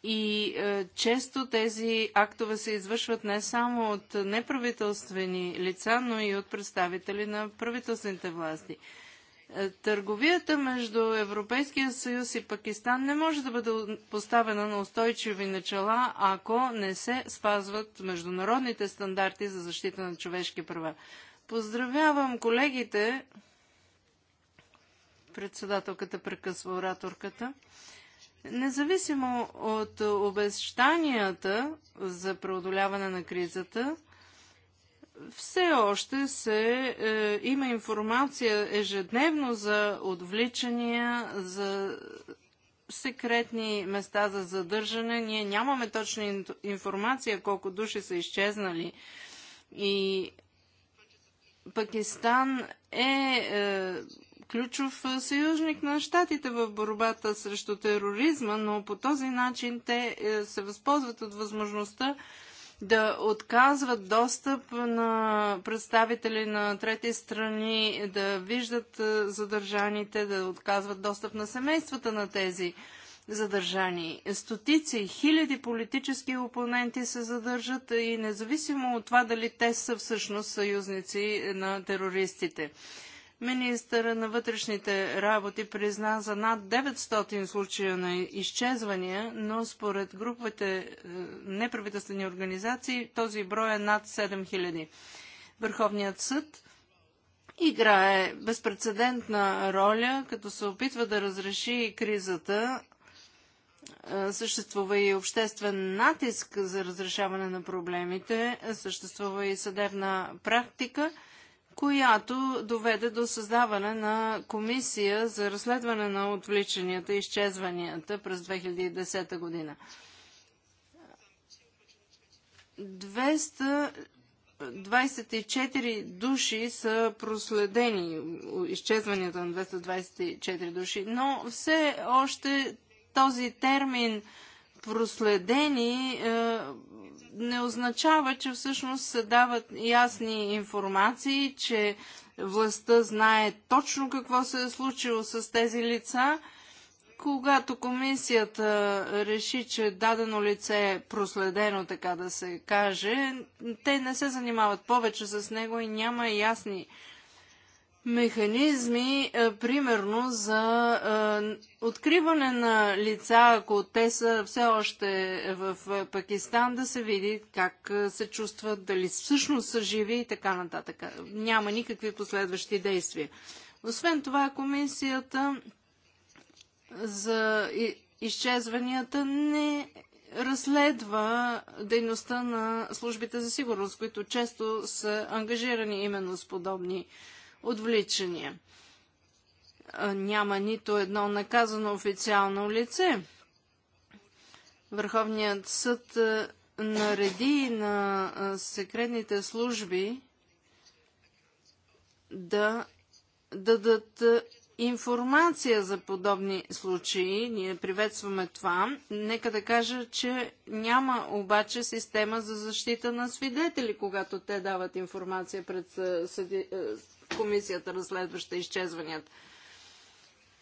и е, често тези актове се извършват не само от неправителствени лица, но и от представители на правителствените власти. Е, търговията между Европейския съюз и Пакистан не може да бъде поставена на устойчиви начала, ако не се спазват международните стандарти за защита на човешки права. Поздравявам колегите, председателката прекъсва ораторката. Независимо от обещанията за преодоляване на кризата, все още се е, има информация ежедневно за отвличания, за секретни места за задържане. Ние нямаме точна информация колко души са изчезнали. И Пакистан е, е ключов съюзник на щатите в борбата срещу тероризма, но по този начин те е, се възползват от възможността да отказват достъп на представители на трети страни, да виждат е, задържаните, да отказват достъп на семействата на тези задържани. Стотици, хиляди политически опоненти се задържат и независимо от това дали те са всъщност съюзници на терористите. Министъра на вътрешните работи призна за над 900 случая на изчезвания, но според групите е, неправителствени организации този брой е над 7000. Върховният съд играе безпредседентна роля, като се опитва да разреши кризата. Е, съществува и обществен натиск за разрешаване на проблемите, съществува и съдебна практика – която доведе до създаване на комисия за разследване на отвличанията и изчезванията през 2010 година. 224 души са проследени, изчезванията на 224 души, но все още този термин проследени е, не означава, че всъщност се дават ясни информации, че властта знае точно какво се е случило с тези лица. Когато комисията реши, че дадено лице е проследено, така да се каже, те не се занимават повече с него и няма ясни механизми, е, примерно за е, откриване на лица, ако те са все още в е, Пакистан, да се види как се чувстват, дали всъщност са живи и така нататък. Няма никакви последващи действия. Освен това, комисията за изчезванията не разследва дейността на службите за сигурност, които често са ангажирани именно с подобни отвличания. Няма нито едно наказано официално лице. Върховният съд нареди на секретните служби да дадат информация за подобни случаи. Ние приветстваме това. Нека да кажа, че няма обаче система за защита на свидетели, когато те дават информация пред съди комисията, разследваща изчезванията.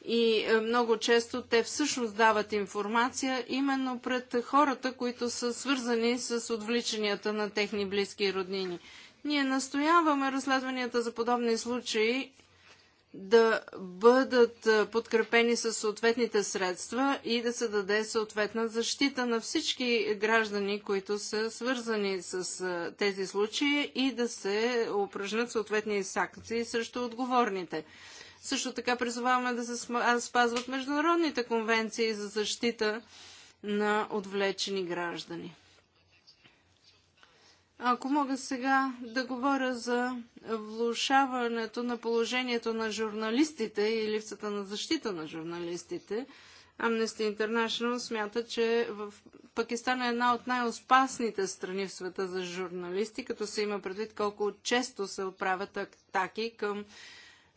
И е, много често те всъщност дават информация именно пред хората, които са свързани с отвличанията на техни близки и роднини. Ние настояваме разследванията за подобни случаи да бъдат подкрепени с съответните средства и да се даде съответна защита на всички граждани, които са свързани с тези случаи и да се упражнат съответни санкции срещу отговорните. Също така призоваваме да се спазват международните конвенции за защита на отвлечени граждани. Ако мога сега да говоря за влушаването на положението на журналистите и липсата на защита на журналистите, Amnesty International смята, че в Пакистан е една от най-опасните страни в света за журналисти, като се има предвид колко често се отправят атаки към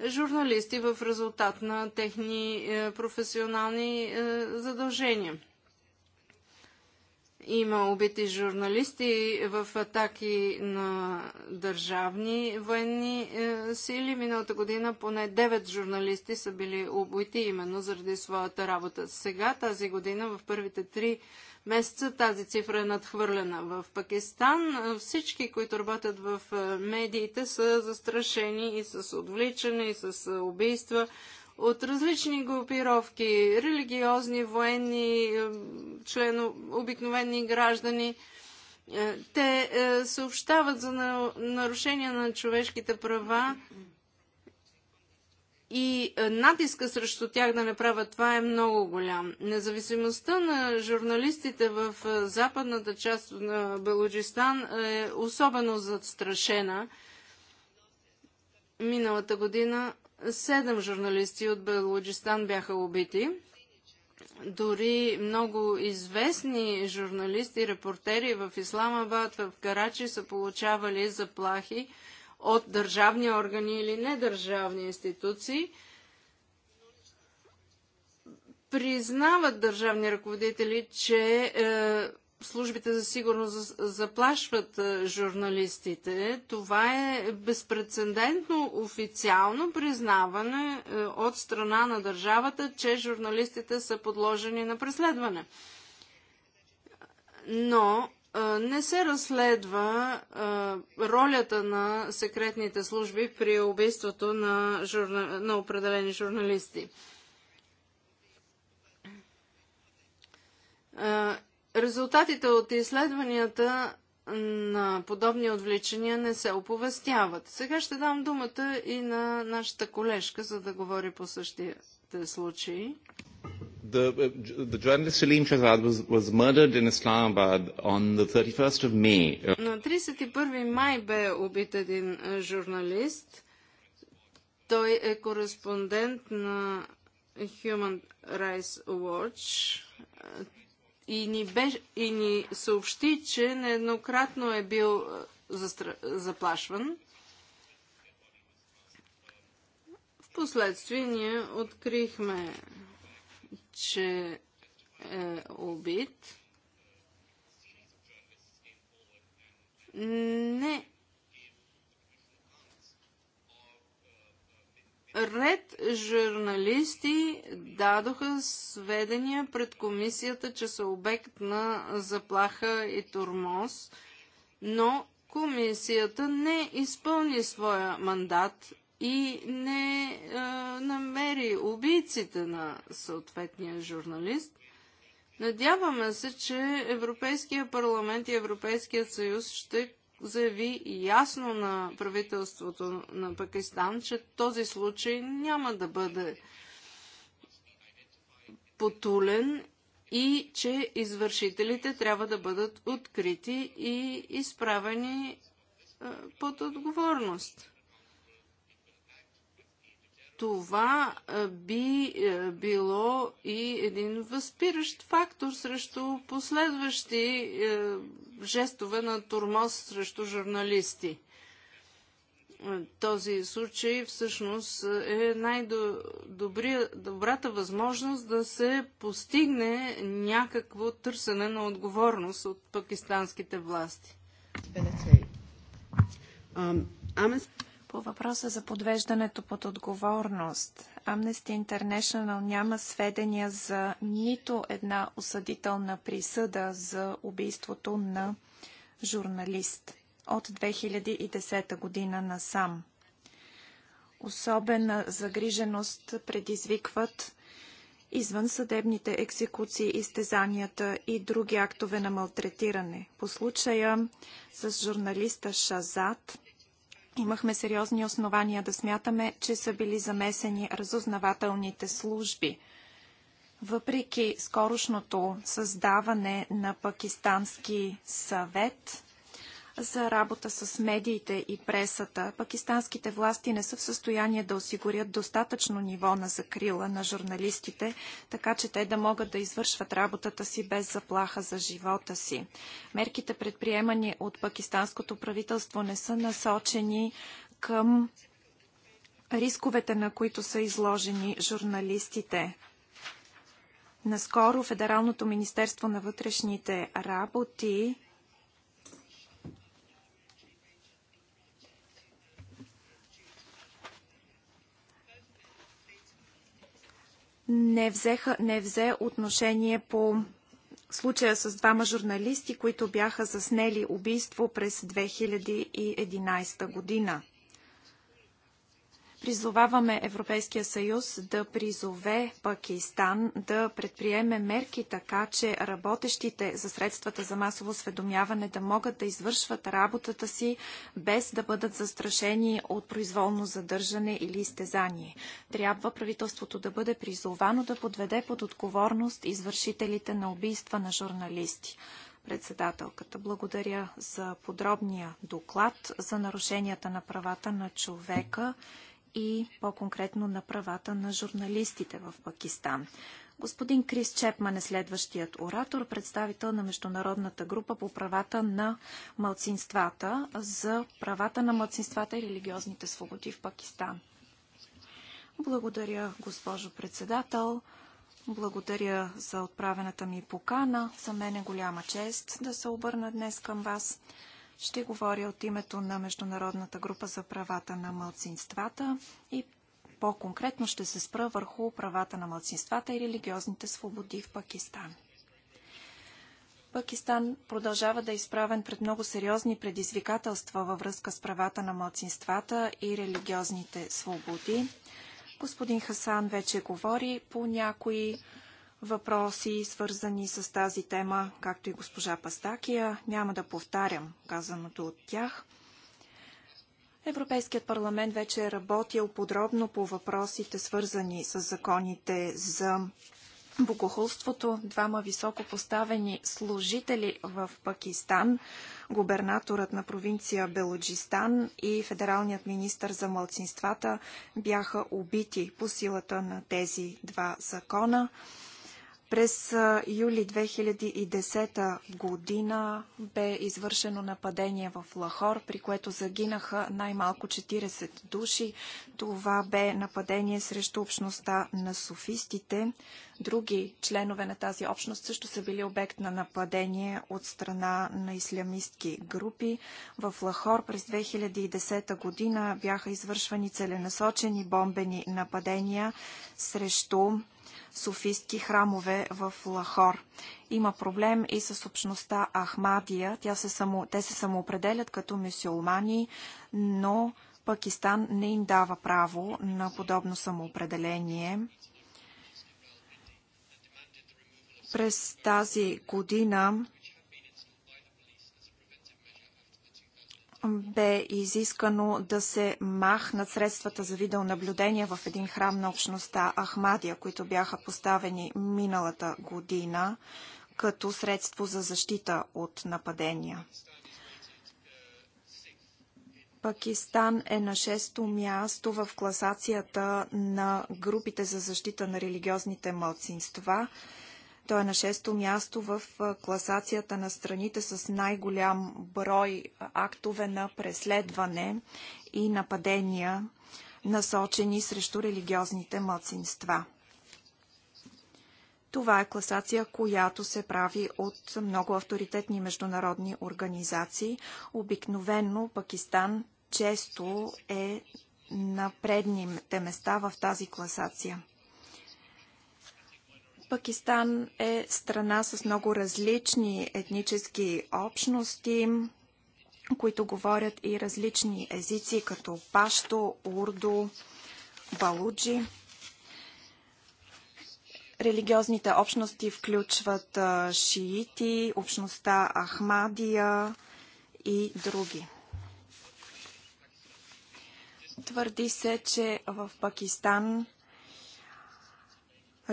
журналисти в резултат на техни е, професионални е, задължения. Има убити журналисти в атаки на държавни военни е, сили. Миналата година поне 9 журналисти са били убити именно заради своята работа. Сега, тази година, в първите три месеца тази цифра е надхвърлена. В Пакистан е, всички, които работят в е, медиите, са застрашени и с отвличане, и с убийства от различни групировки, религиозни, военни, члено, обикновени граждани. Е, те е, съобщават за нарушения на човешките права и е, натиска срещу тях да не правят това е много голям. Независимостта на журналистите в западната част на Белуджистан е особено застрашена. Миналата година Седем журналисти от Белоджистан бяха убити. Дори много известни журналисти, репортери в Исламабад, в Карачи са получавали заплахи от държавни органи или недържавни институции. Признават държавни ръководители, че е, службите за сигурност заплашват журналистите. Това е безпредседентно официално признаване от страна на държавата, че журналистите са подложени на преследване. Но не се разследва ролята на секретните служби при убийството на, журна... на определени журналисти. Резултатите от изследванията на подобни отвлечения не се оповестяват. Сега ще дам думата и на нашата колежка, за да говори по същите случаи. The, uh, the journalist Salim Shahzad was, was murdered in Islamabad on the 31st of May. На 31 май бе убит един е, журналист. Той е кореспондент на Human Rights Watch и ни, беж, и ни съобщи, че нееднократно е бил застр... заплашван. Впоследствие ние открихме, че е убит. Не ред журналисти дадоха сведения пред комисията, че са обект на заплаха и турмоз, но комисията не изпълни своя мандат и не е, намери убийците на съответния журналист. Надяваме се, че Европейския парламент и Европейския съюз ще заяви ясно на правителството на Пакистан, че този случай няма да бъде потулен и че извършителите трябва да бъдат открити и изправени е, под отговорност това би било и един възпиращ фактор срещу последващи жестове на тормоз срещу журналисти. Този случай всъщност е най-добрата възможност да се постигне някакво търсене на отговорност от пакистанските власти. Um, по въпроса за подвеждането под отговорност, Amnesty International няма сведения за нито една осъдителна присъда за убийството на журналист от 2010 година насам. Особена загриженост предизвикват извън съдебните екзекуции, изтезанията и други актове на малтретиране. По случая с журналиста Шазат – имахме сериозни основания да смятаме, че са били замесени разузнавателните служби. Въпреки скорошното създаване на Пакистански съвет, за работа с медиите и пресата, пакистанските власти не са в състояние да осигурят достатъчно ниво на закрила на журналистите, така че те да могат да извършват работата си без заплаха за живота си. Мерките предприемани от пакистанското правителство не са насочени към рисковете, на които са изложени журналистите. Наскоро Федералното министерство на вътрешните работи не, взеха, не взе отношение по случая с двама журналисти, които бяха заснели убийство през 2011 година. Призоваваме Европейския съюз да призове Пакистан да предприеме мерки така, че работещите за средствата за масово осведомяване да могат да извършват работата си без да бъдат застрашени от произволно задържане или изтезание. Трябва правителството да бъде призовано да подведе под отговорност извършителите на убийства на журналисти председателката. Благодаря за подробния доклад за нарушенията на правата на човека и по-конкретно на правата на журналистите в Пакистан. Господин Крис Чепман е следващият оратор, представител на Международната група по правата на мълцинствата за правата на мълцинствата и религиозните свободи в Пакистан. Благодаря, госпожо председател. Благодаря за отправената ми покана. За мен е голяма чест да се обърна днес към вас. Ще говоря от името на Международната група за правата на мълцинствата и по-конкретно ще се спра върху правата на младсинствата и религиозните свободи в Пакистан. Пакистан продължава да е изправен пред много сериозни предизвикателства във връзка с правата на младсинствата и религиозните свободи. Господин Хасан вече говори по някои въпроси, свързани с тази тема, както и госпожа Пастакия. Няма да повтарям казаното от тях. Европейският парламент вече е работил подробно по въпросите, свързани с законите за богохулството. Двама високо поставени служители в Пакистан, губернаторът на провинция Белоджистан и федералният министр за мълцинствата бяха убити по силата на тези два закона. През юли 2010 година бе извършено нападение в Лахор, при което загинаха най-малко 40 души. Това бе нападение срещу общността на софистите. Други членове на тази общност също са били обект на нападение от страна на ислямистки групи. В Лахор през 2010 година бяха извършвани целенасочени бомбени нападения срещу софистки храмове в Лахор. Има проблем и с общността Ахмадия. Тя се само, те се самоопределят като мюсюлмани, но Пакистан не им дава право на подобно самоопределение. През тази година бе изискано да се махнат средствата за видеонаблюдение в един храм на общността Ахмадия, които бяха поставени миналата година като средство за защита от нападения. Пакистан е на шесто място в класацията на групите за защита на религиозните мълцинства. Той е на шесто място в класацията на страните с най-голям брой актове на преследване и нападения, насочени срещу религиозните младсинства. Това е класация, която се прави от много авторитетни международни организации. Обикновенно Пакистан често е на предните места в тази класация. Пакистан е страна с много различни етнически общности, които говорят и различни езици, като пашто, урду, балуджи. Религиозните общности включват шиити, общността Ахмадия и други. Твърди се, че в Пакистан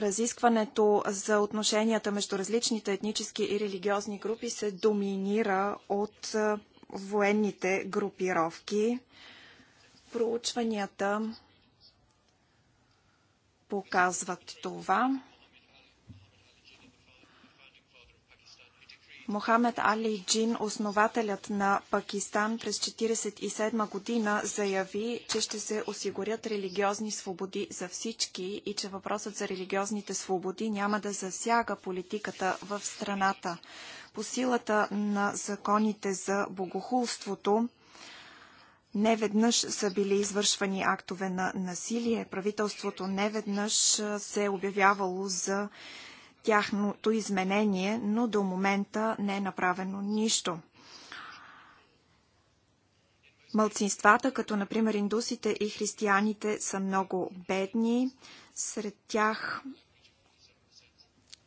разискването за отношенията между различните етнически и религиозни групи се доминира от е, военните групировки. Проучванията показват това. Мохамед Али Джин, основателят на Пакистан през 1947 година, заяви, че ще се осигурят религиозни свободи за всички и че въпросът за религиозните свободи няма да засяга политиката в страната. По силата на законите за богохулството, Неведнъж са били извършвани актове на насилие. Правителството неведнъж се е обявявало за тяхното изменение, но до момента не е направено нищо. Малцинствата, като например индусите и християните, са много бедни. Сред тях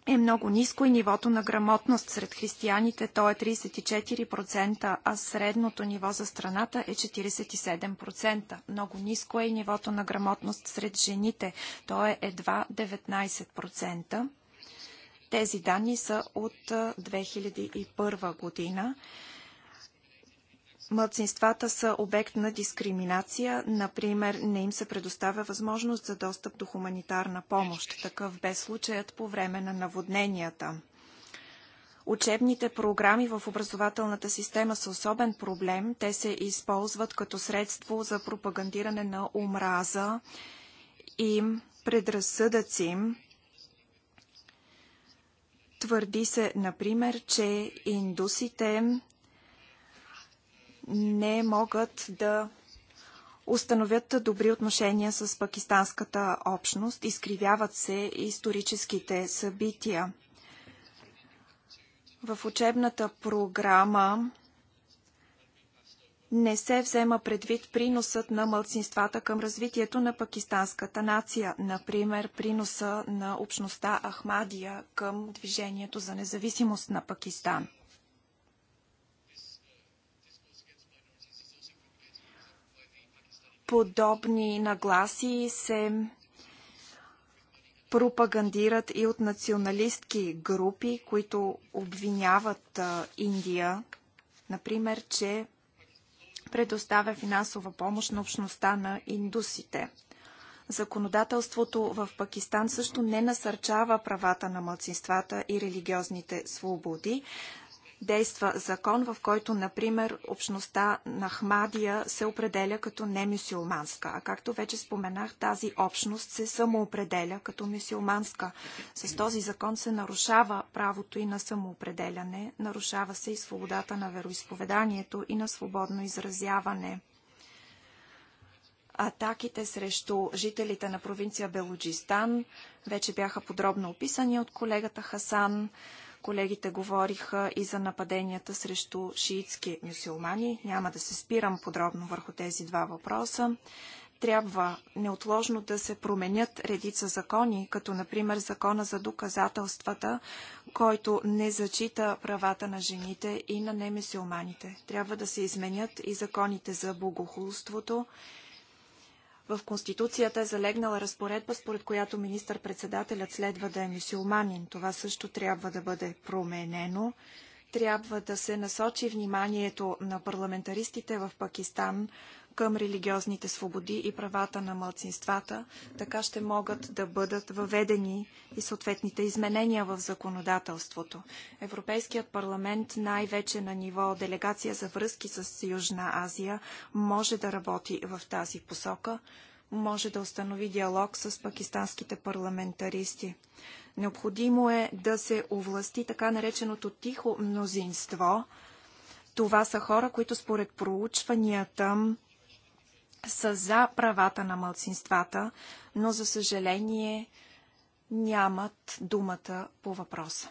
е много ниско и нивото на грамотност сред християните. То е 34%, а средното ниво за страната е 47%. Много ниско е и нивото на грамотност сред жените. То е едва 19%. Тези данни са от 2001 година. Младсинствата са обект на дискриминация. Например, не им се предоставя възможност за достъп до хуманитарна помощ. Такъв бе случаят по време на наводненията. Учебните програми в образователната система са особен проблем. Те се използват като средство за пропагандиране на омраза и предразсъдъци Твърди се, например, че индусите не могат да установят добри отношения с пакистанската общност, изкривяват се историческите събития. В учебната програма не се взема предвид приносът на мълцинствата към развитието на пакистанската нация, например приноса на общността Ахмадия към движението за независимост на Пакистан. Подобни нагласи се пропагандират и от националистки групи, които обвиняват Индия, например, че предоставя финансова помощ на общността на индусите. Законодателството в Пакистан също не насърчава правата на младсинствата и религиозните свободи действа закон, в който, например, общността на Хмадия се определя като немюсюлманска. А както вече споменах, тази общност се самоопределя като мюсюлманска. С този закон се нарушава правото и на самоопределяне, нарушава се и свободата на вероисповеданието и на свободно изразяване атаките срещу жителите на провинция Белоджистан вече бяха подробно описани от колегата Хасан. Колегите говориха и за нападенията срещу шиитски мюсюлмани. Няма да се спирам подробно върху тези два въпроса. Трябва неотложно да се променят редица закони, като например закона за доказателствата, който не зачита правата на жените и на немесилманите. Трябва да се изменят и законите за богохулството в Конституцията е залегнала разпоредба, според която министър-председателят следва да е мусулманин. Това също трябва да бъде променено. Трябва да се насочи вниманието на парламентаристите в Пакистан към религиозните свободи и правата на мълцинствата. Така ще могат да бъдат въведени и съответните изменения в законодателството. Европейският парламент най-вече на ниво делегация за връзки с Южна Азия може да работи в тази посока може да установи диалог с пакистанските парламентаристи. Необходимо е да се овласти така нареченото тихо мнозинство. Това са хора, които според проучванията са за правата на мълцинствата, но за съжаление нямат думата по въпроса.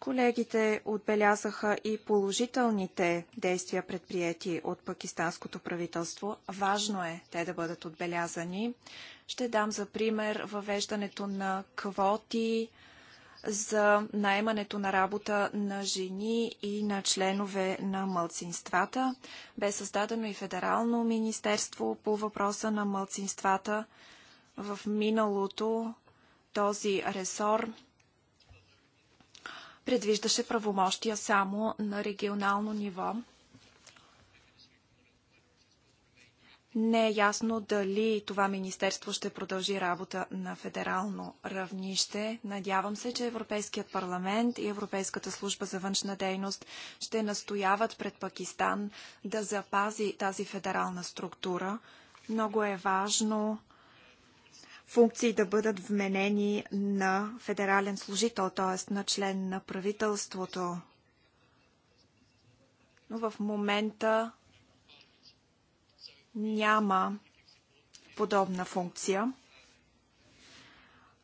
Колегите отбелязаха и положителните действия предприяти от пакистанското правителство. Важно е те да бъдат отбелязани. Ще дам за пример въвеждането на квоти, за найемането на работа на жени и на членове на мълцинствата. Бе създадено и Федерално министерство по въпроса на мълцинствата. В миналото този ресор предвиждаше правомощия само на регионално ниво. Не е ясно дали това министерство ще продължи работа на федерално равнище. Надявам се, че Европейският парламент и Европейската служба за външна дейност ще настояват пред Пакистан да запази тази федерална структура. Много е важно функции да бъдат вменени на федерален служител, т.е. на член на правителството. Но в момента няма подобна функция.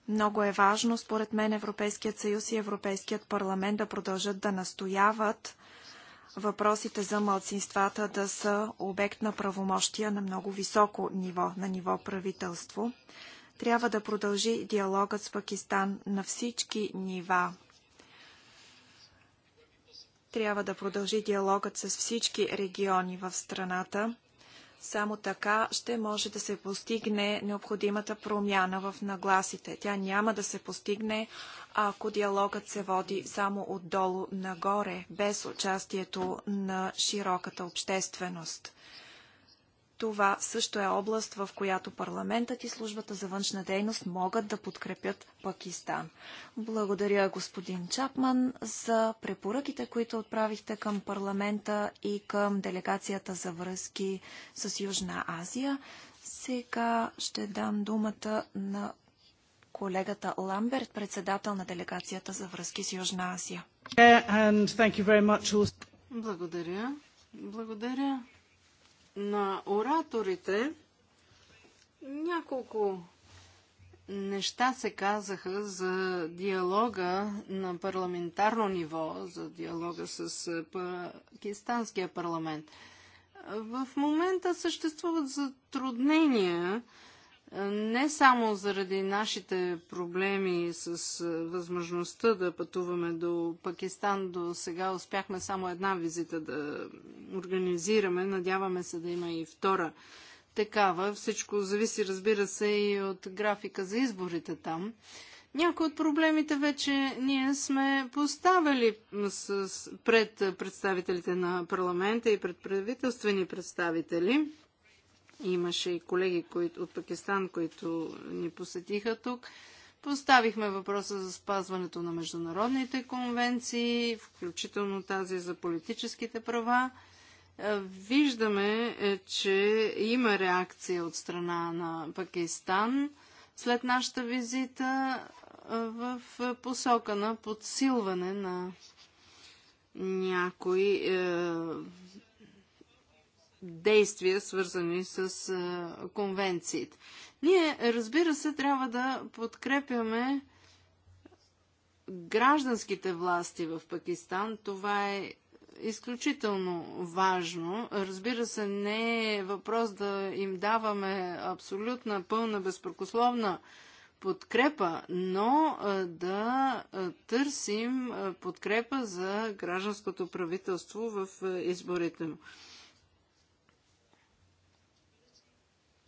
Много е важно, според мен, Европейският съюз и Европейският парламент да продължат да настояват въпросите за малцинствата да са обект на правомощия на много високо ниво, на ниво правителство. Трябва да продължи диалогът с Пакистан на всички нива. Трябва да продължи диалогът с всички региони в страната само така ще може да се постигне необходимата промяна в нагласите. Тя няма да се постигне, ако диалогът се води само отдолу нагоре, без участието на широката общественост. Това също е област, в която парламентът и службата за външна дейност могат да подкрепят Пакистан. Благодаря господин Чапман за препоръките, които отправихте към парламента и към делегацията за връзки с Южна Азия. Сега ще дам думата на колегата Ламберт, председател на делегацията за връзки с Южна Азия. Благодаря. Благодаря на ораторите. Няколко неща се казаха за диалога на парламентарно ниво, за диалога с пакистанския парламент. В момента съществуват затруднения не само заради нашите проблеми с възможността да пътуваме до Пакистан, до сега успяхме само една визита да организираме. Надяваме се да има и втора такава. Всичко зависи, разбира се, и от графика за изборите там. Някои от проблемите вече ние сме поставили с, пред представителите на парламента и пред правителствени представители. Имаше и колеги които, от Пакистан, които ни посетиха тук. Поставихме въпроса за спазването на международните конвенции, включително тази за политическите права. Е, виждаме, е, че има реакция от страна на Пакистан след нашата визита е, в посока на подсилване на някои е, действия, свързани с конвенциите. Ние, разбира се, трябва да подкрепяме гражданските власти в Пакистан. Това е изключително важно. Разбира се, не е въпрос да им даваме абсолютна, пълна, безпрекословна подкрепа, но да търсим подкрепа за гражданското правителство в изборите му.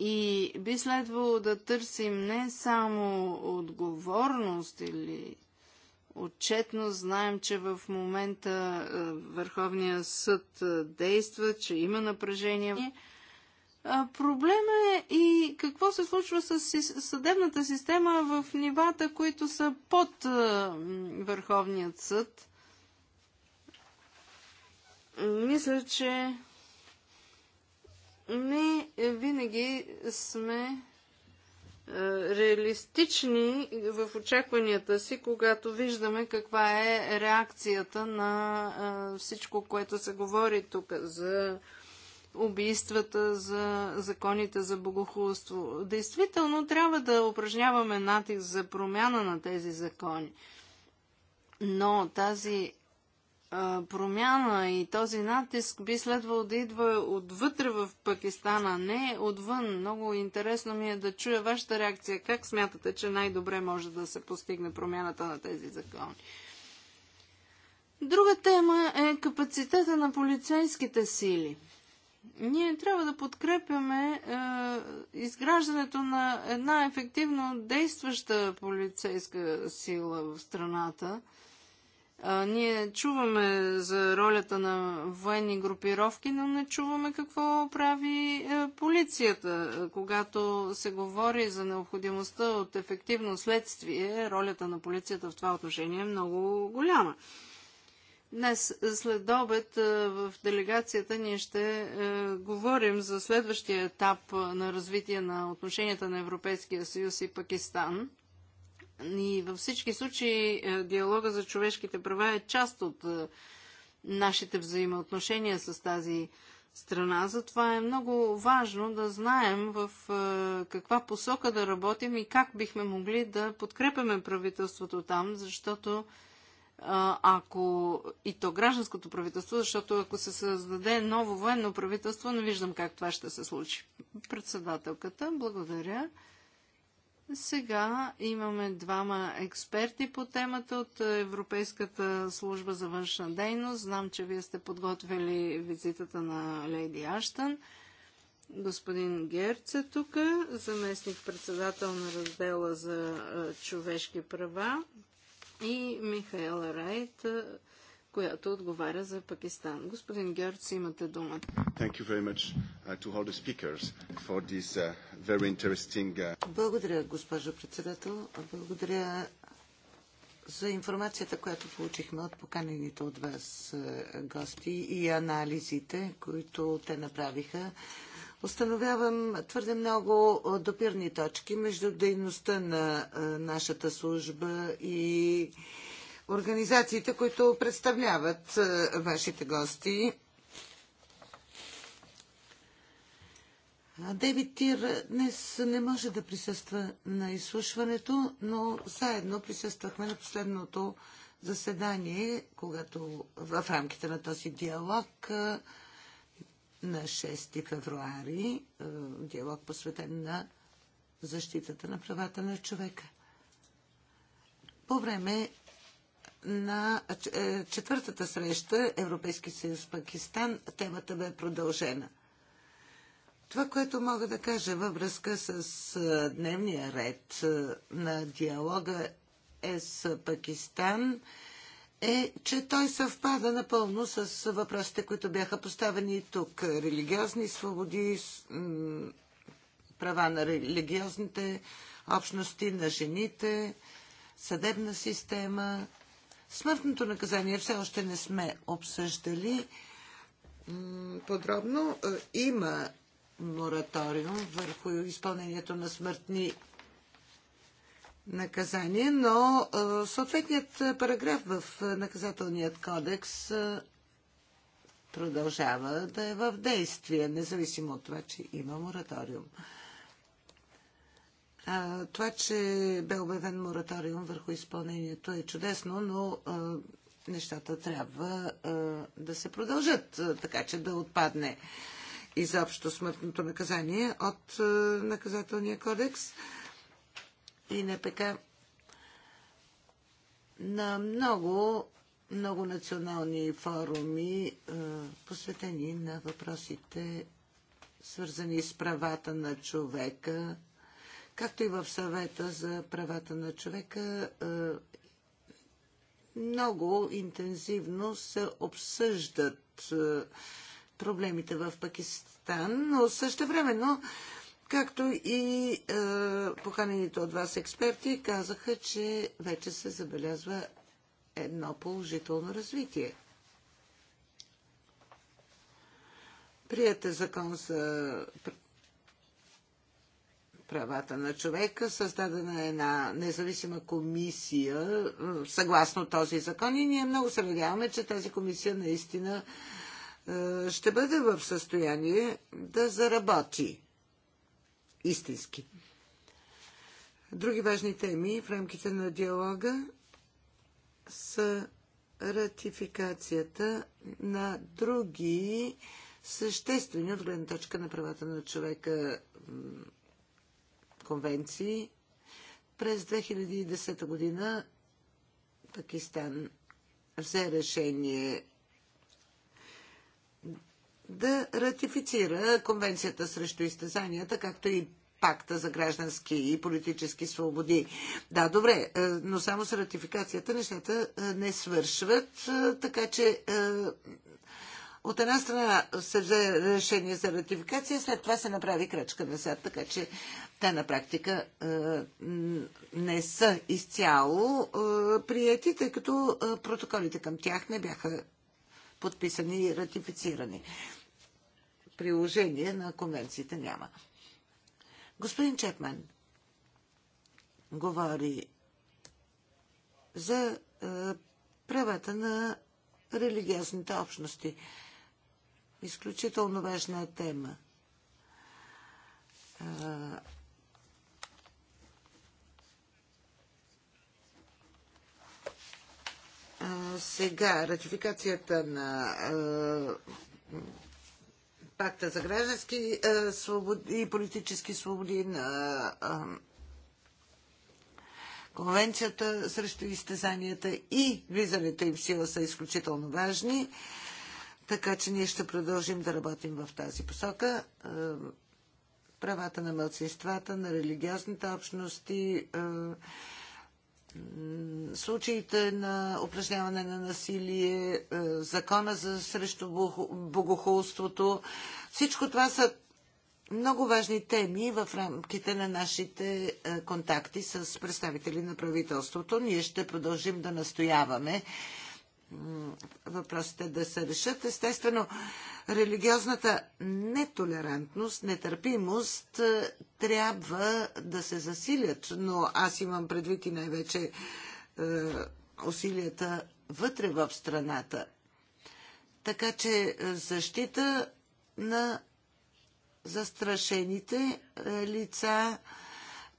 И би следвало да търсим не само отговорност или отчетно знаем, че в момента е, Върховния съд е, действа, че има напрежение. Проблема е и какво се случва с съдебната система в нивата, които са под е, Върховният съд. Мисля, че ми, винаги сме е, реалистични в очакванията си, когато виждаме каква е реакцията на е, всичко, което се говори тук за убийствата, за законите за богохулство. Действително трябва да упражняваме натиск за промяна на тези закони. Но тази промяна и този натиск би следвало да идва отвътре в Пакистана, не отвън. Много интересно ми е да чуя вашата реакция. Как смятате, че най-добре може да се постигне промяната на тези закони? Друга тема е капацитета на полицейските сили. Ние трябва да подкрепяме е, изграждането на една ефективно действаща полицейска сила в страната. Е, а, ние чуваме за ролята на военни групировки, но не чуваме какво прави е, полицията. Когато се говори за необходимостта от ефективно следствие, ролята на полицията в това отношение е много голяма. Днес след обед е, в делегацията ние ще е, говорим за следващия етап на развитие на отношенията на Европейския съюз и Пакистан – и във всички случаи е, диалога за човешките права е част от е, нашите взаимоотношения с тази страна. Затова е много важно да знаем в е, каква посока да работим и как бихме могли да подкрепяме правителството там, защото ако и то гражданското правителство, защото ако се създаде ново военно правителство, не виждам как това ще се случи. Председателката, благодаря. Сега имаме двама експерти по темата от Европейската служба за външна дейност. Знам, че вие сте подготвили визитата на Лейди Аштън. Господин Герц е тук, заместник-председател на раздела за човешки права и Михаел Райт, която отговаря за Пакистан. Господин Герц, имате думата. Interesting... Благодаря, госпожо председател. Благодаря за информацията, която получихме от поканените от вас е, гости и анализите, които те направиха. Установявам твърде много допирни точки между дейността на е, нашата служба и организациите, които представляват е, вашите гости. Деви Тир днес не може да присъства на изслушването, но заедно присъствахме на последното заседание, когато в рамките на този диалог е, на 6 февруари, е, диалог посветен на защитата на правата на човека. По време на е, четвъртата среща Европейски съюз Пакистан темата бе продължена. Това, което мога да кажа във връзка с е, дневния ред е, на диалога е с Пакистан е, че той съвпада напълно с въпросите, които бяха поставени тук. Религиозни свободи, права на религиозните общности, на жените, съдебна система, Смъртното наказание все още не сме обсъждали подробно. Е, има мораториум върху изпълнението на смъртни наказания, но е, съответният параграф в е, наказателният кодекс продължава да е в действие, независимо от това, че има мораториум. Това, че бе обявен мораториум върху изпълнението е чудесно, но нещата трябва да се продължат, така че да отпадне изобщо смъртното наказание от наказателния кодекс и НПК. На много, много национални форуми, посветени на въпросите, свързани с правата на човека, както и в съвета за правата на човека, е, много интензивно се обсъждат е, проблемите в Пакистан, но също времено, както и е, поканените от вас експерти казаха, че вече се забелязва едно положително развитие. Прият е закон за правата на човека. Създадена е една независима комисия е, съгласно този закон и ние много се надяваме, че тази комисия наистина е, ще бъде в състояние да заработи истински. Други важни теми в рамките на диалога са ратификацията на други съществени от гледна точка на правата на човека конвенции. През 2010 година Пакистан взе решение да ратифицира конвенцията срещу изтезанията, както и пакта за граждански и политически свободи. Да, добре, е, но само с ратификацията нещата е, не свършват, е, така че от една страна се взе решение за ратификация, след това се направи крачка назад, така че те на практика е, не са изцяло е, прияти, тъй като е, протоколите към тях не бяха подписани и ратифицирани. Приложение на конвенциите няма. Господин Чепмен говори за правата на религиозните общности изключително важна тема. сега ратификацията на а, пакта за граждански а, свободи и политически свободи на а, конвенцията срещу изтезанията и влизането им в сила са изключително важни. А, така че ние ще продължим да работим в тази посока. Е, правата на мълцинствата, на религиозните общности, е, случаите на упражняване на насилие, е, закона за срещу богохулството. Всичко това са много важни теми в рамките на нашите контакти с представители на правителството. Ние ще продължим да настояваме въпросите да се решат. Естествено, религиозната нетолерантност, нетърпимост е, трябва да се засилят, но аз имам предвид и най-вече е, усилията вътре в страната. Така че е, защита на застрашените е, лица,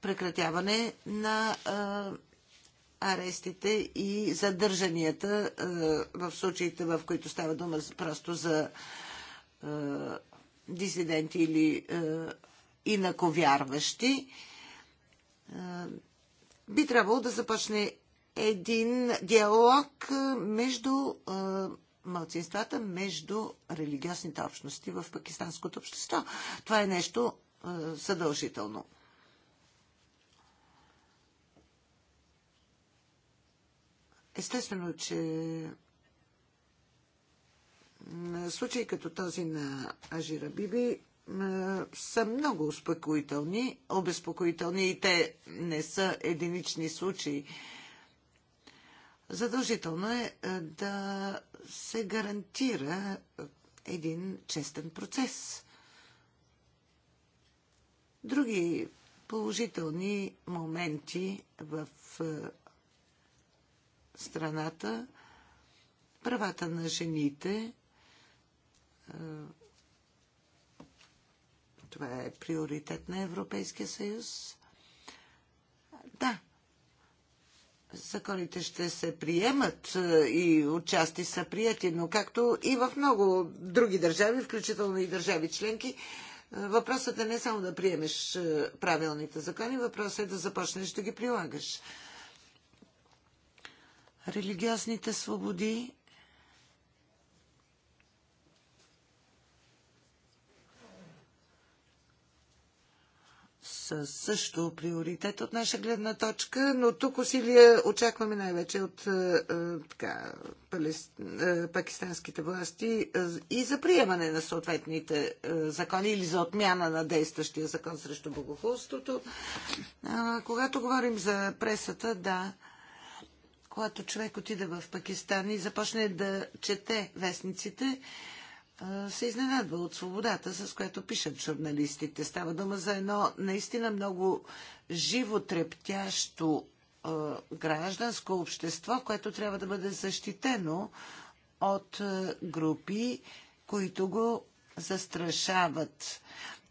прекратяване на е, арестите и задържанията е, в случаите, в които става дума просто за е, дисиденти или е, инаковярващи. Би трябвало да започне един диалог между малцинствата, между религиозните общности в пакистанското общество. Това е нещо съдължително. Естествено, че случаи като този на Ажира Биби са много успокоителни, обезпокоителни и те не са единични случаи. Задължително е, е да се гарантира един честен процес. Други положителни моменти в е, страната, правата на жените. Е, това е приоритет на Европейския съюз. Да, законите ще се приемат е, и отчасти са прияти, но както и в много други държави, включително и държави членки, е, въпросът е не само да приемеш правилните закони, въпросът е да започнеш да ги прилагаш религиозните свободи са също приоритет от наша гледна точка, но тук усилия очакваме най-вече от е, е, така, палест... Е, пакистанските власти и за приемане на съответните закони или за отмяна на действащия закон срещу богохулството. когато говорим за пресата, да, когато човек отиде в Пакистан и започне да чете вестниците, се изненадва от свободата, с която пишат журналистите. Става дума за едно наистина много животрептящо гражданско общество, което трябва да бъде защитено от групи, които го застрашават.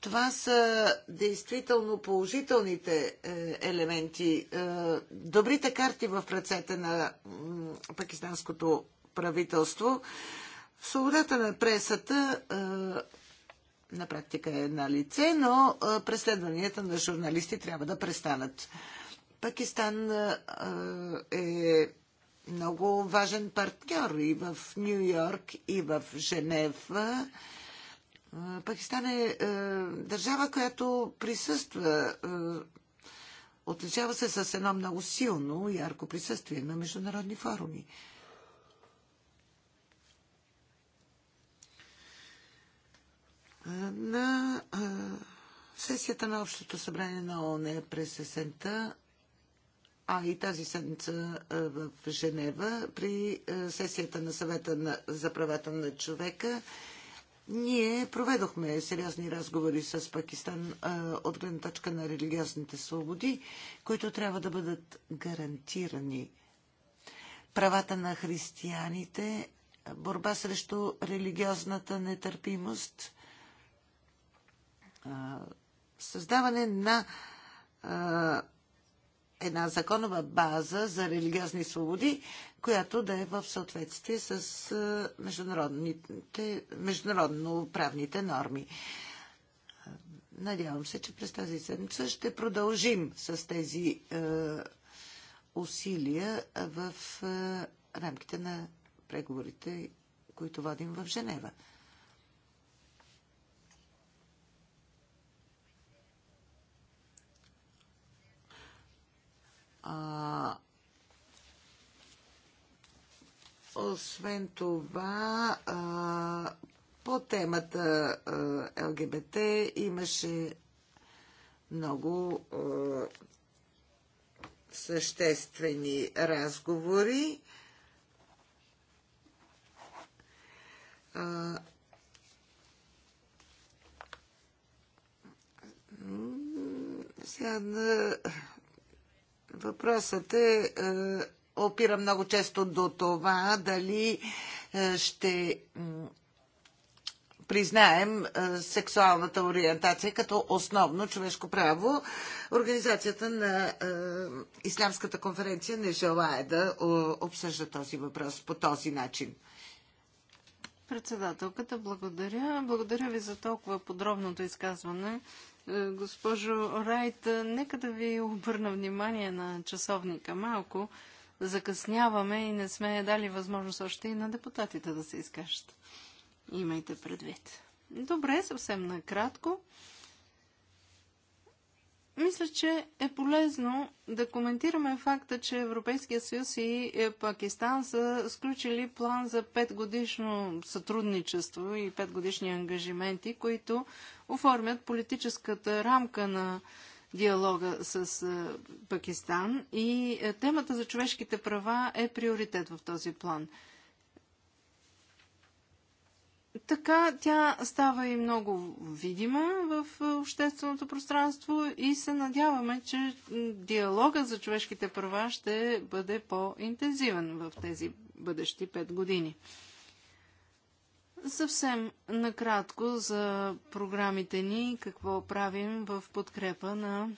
Това са действително положителните е, елементи, е, добрите карти в ръцете на пакистанското правителство. Свободата на пресата е, на практика е на лице, но преследванията на журналисти трябва да престанат. Пакистан е много важен партньор и в Нью Йорк, и в Женева. Пакистан е, е държава, която присъства, е, отличава се с едно много силно и ярко присъствие на международни форуми. На сесията на Общото събрание на ООН е през есента, а и тази седмица в Женева, при сесията на съвета на, за правата на човека, ние проведохме сериозни разговори с Пакистан от гледна точка на религиозните свободи, които трябва да бъдат гарантирани. Правата на християните, борба срещу религиозната нетърпимост, създаване на една законова база за религиозни свободи, която да е в съответствие с международно правните норми. Надявам се, че през тази седмица ще продължим с тези е, усилия в е, рамките на преговорите, които водим в Женева. А, Освен това, по темата ЛГБТ имаше много съществени разговори. Сега на... въпросът е опира много често до това дали е, ще признаем е, сексуалната ориентация като основно човешко право. Организацията на е, Исламската конференция не желая да обсъжда този въпрос по този начин. Председателката, благодаря. Благодаря ви за толкова подробното изказване. Госпожо Райт, нека да ви обърна внимание на часовника малко закъсняваме и не сме дали възможност още и на депутатите да се изкажат. Имайте предвид. Добре, съвсем накратко. Мисля, че е полезно да коментираме факта, че Европейския съюз и е, Пакистан са сключили план за петгодишно сътрудничество и петгодишни ангажименти, които оформят политическата рамка на диалога с е, Пакистан и е, темата за човешките права е приоритет в този план. Така тя става и много видима в е, общественото пространство и се надяваме, че диалога за човешките права ще бъде по-интензивен в тези бъдещи пет години. Съвсем накратко за програмите ни какво правим в подкрепа на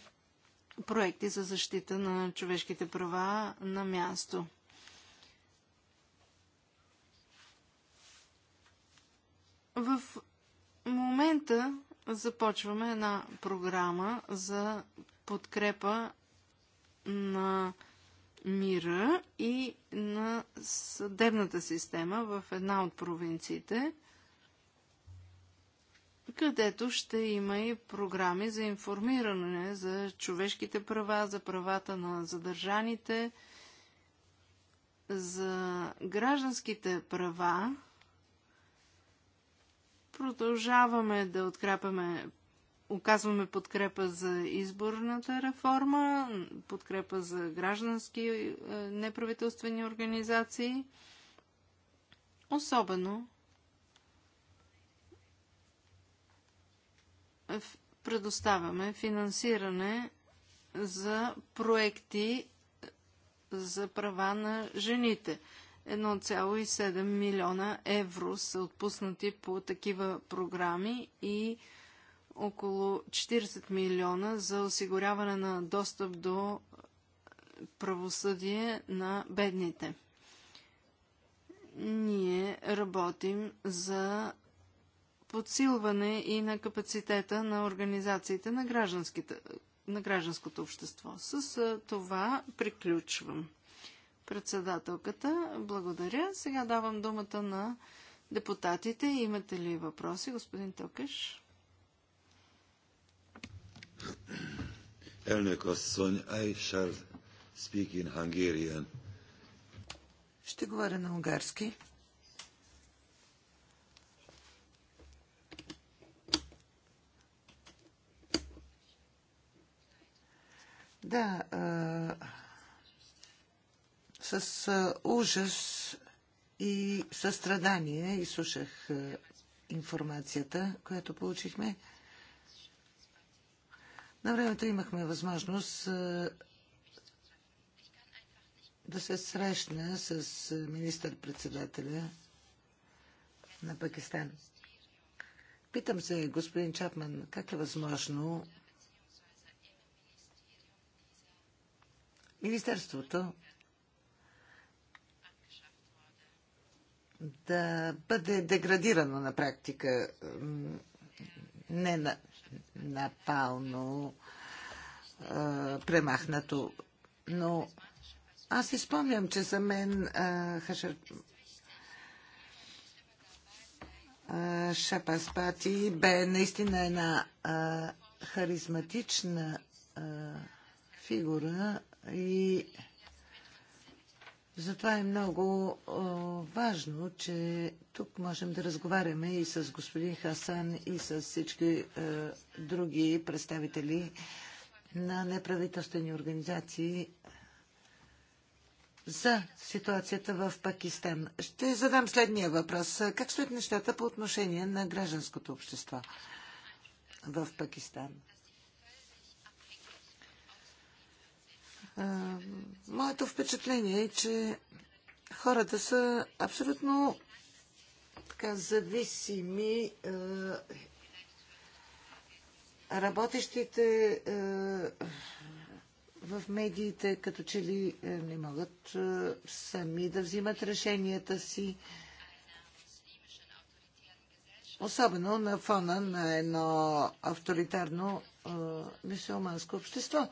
проекти за защита на човешките права на място. В момента започваме една програма за подкрепа на мира и на съдебната система в една от провинциите, където ще има и програми за информиране за човешките права, за правата на задържаните, за гражданските права. Продължаваме да открепяме оказваме подкрепа за изборната реформа, подкрепа за граждански е, неправителствени организации, особено предоставяме финансиране за проекти е, за права на жените. 1,7 милиона евро са отпуснати по такива програми и около 40 милиона за осигуряване на достъп до е, правосъдие на бедните. Ние работим за подсилване и на капацитета на организациите на, на гражданското общество. С е, това приключвам. Председателката, благодаря. Сега давам думата на депутатите. Имате ли въпроси, господин Токеш? Elnök asszony, I shall speak in Hungarian. Ще говоря на унгарски. Да, а, с а, ужас и състрадание изслушах а, информацията, която получихме. А, на времето имахме възможност е, да се срещна с е, министър-председателя на Пакистан. Питам се, господин Чапман, как е възможно Министерството да бъде деградирано на практика, не на, напално премахнато. Но аз спомням, че за мен Хашер... Шапаспати бе наистина една харизматична фигура и затова е много важно, че тук можем да разговаряме и с господин Хасан, и с всички други представители на неправителствени организации за ситуацията в Пакистан. Ще задам следния въпрос. Как стоят нещата по отношение на гражданското общество в Пакистан? Моето впечатление е, че хората са абсолютно така зависими. Работещите в медиите като че ли не могат сами да взимат решенията си. Особено на фона на едно авторитарно мусулманско общество.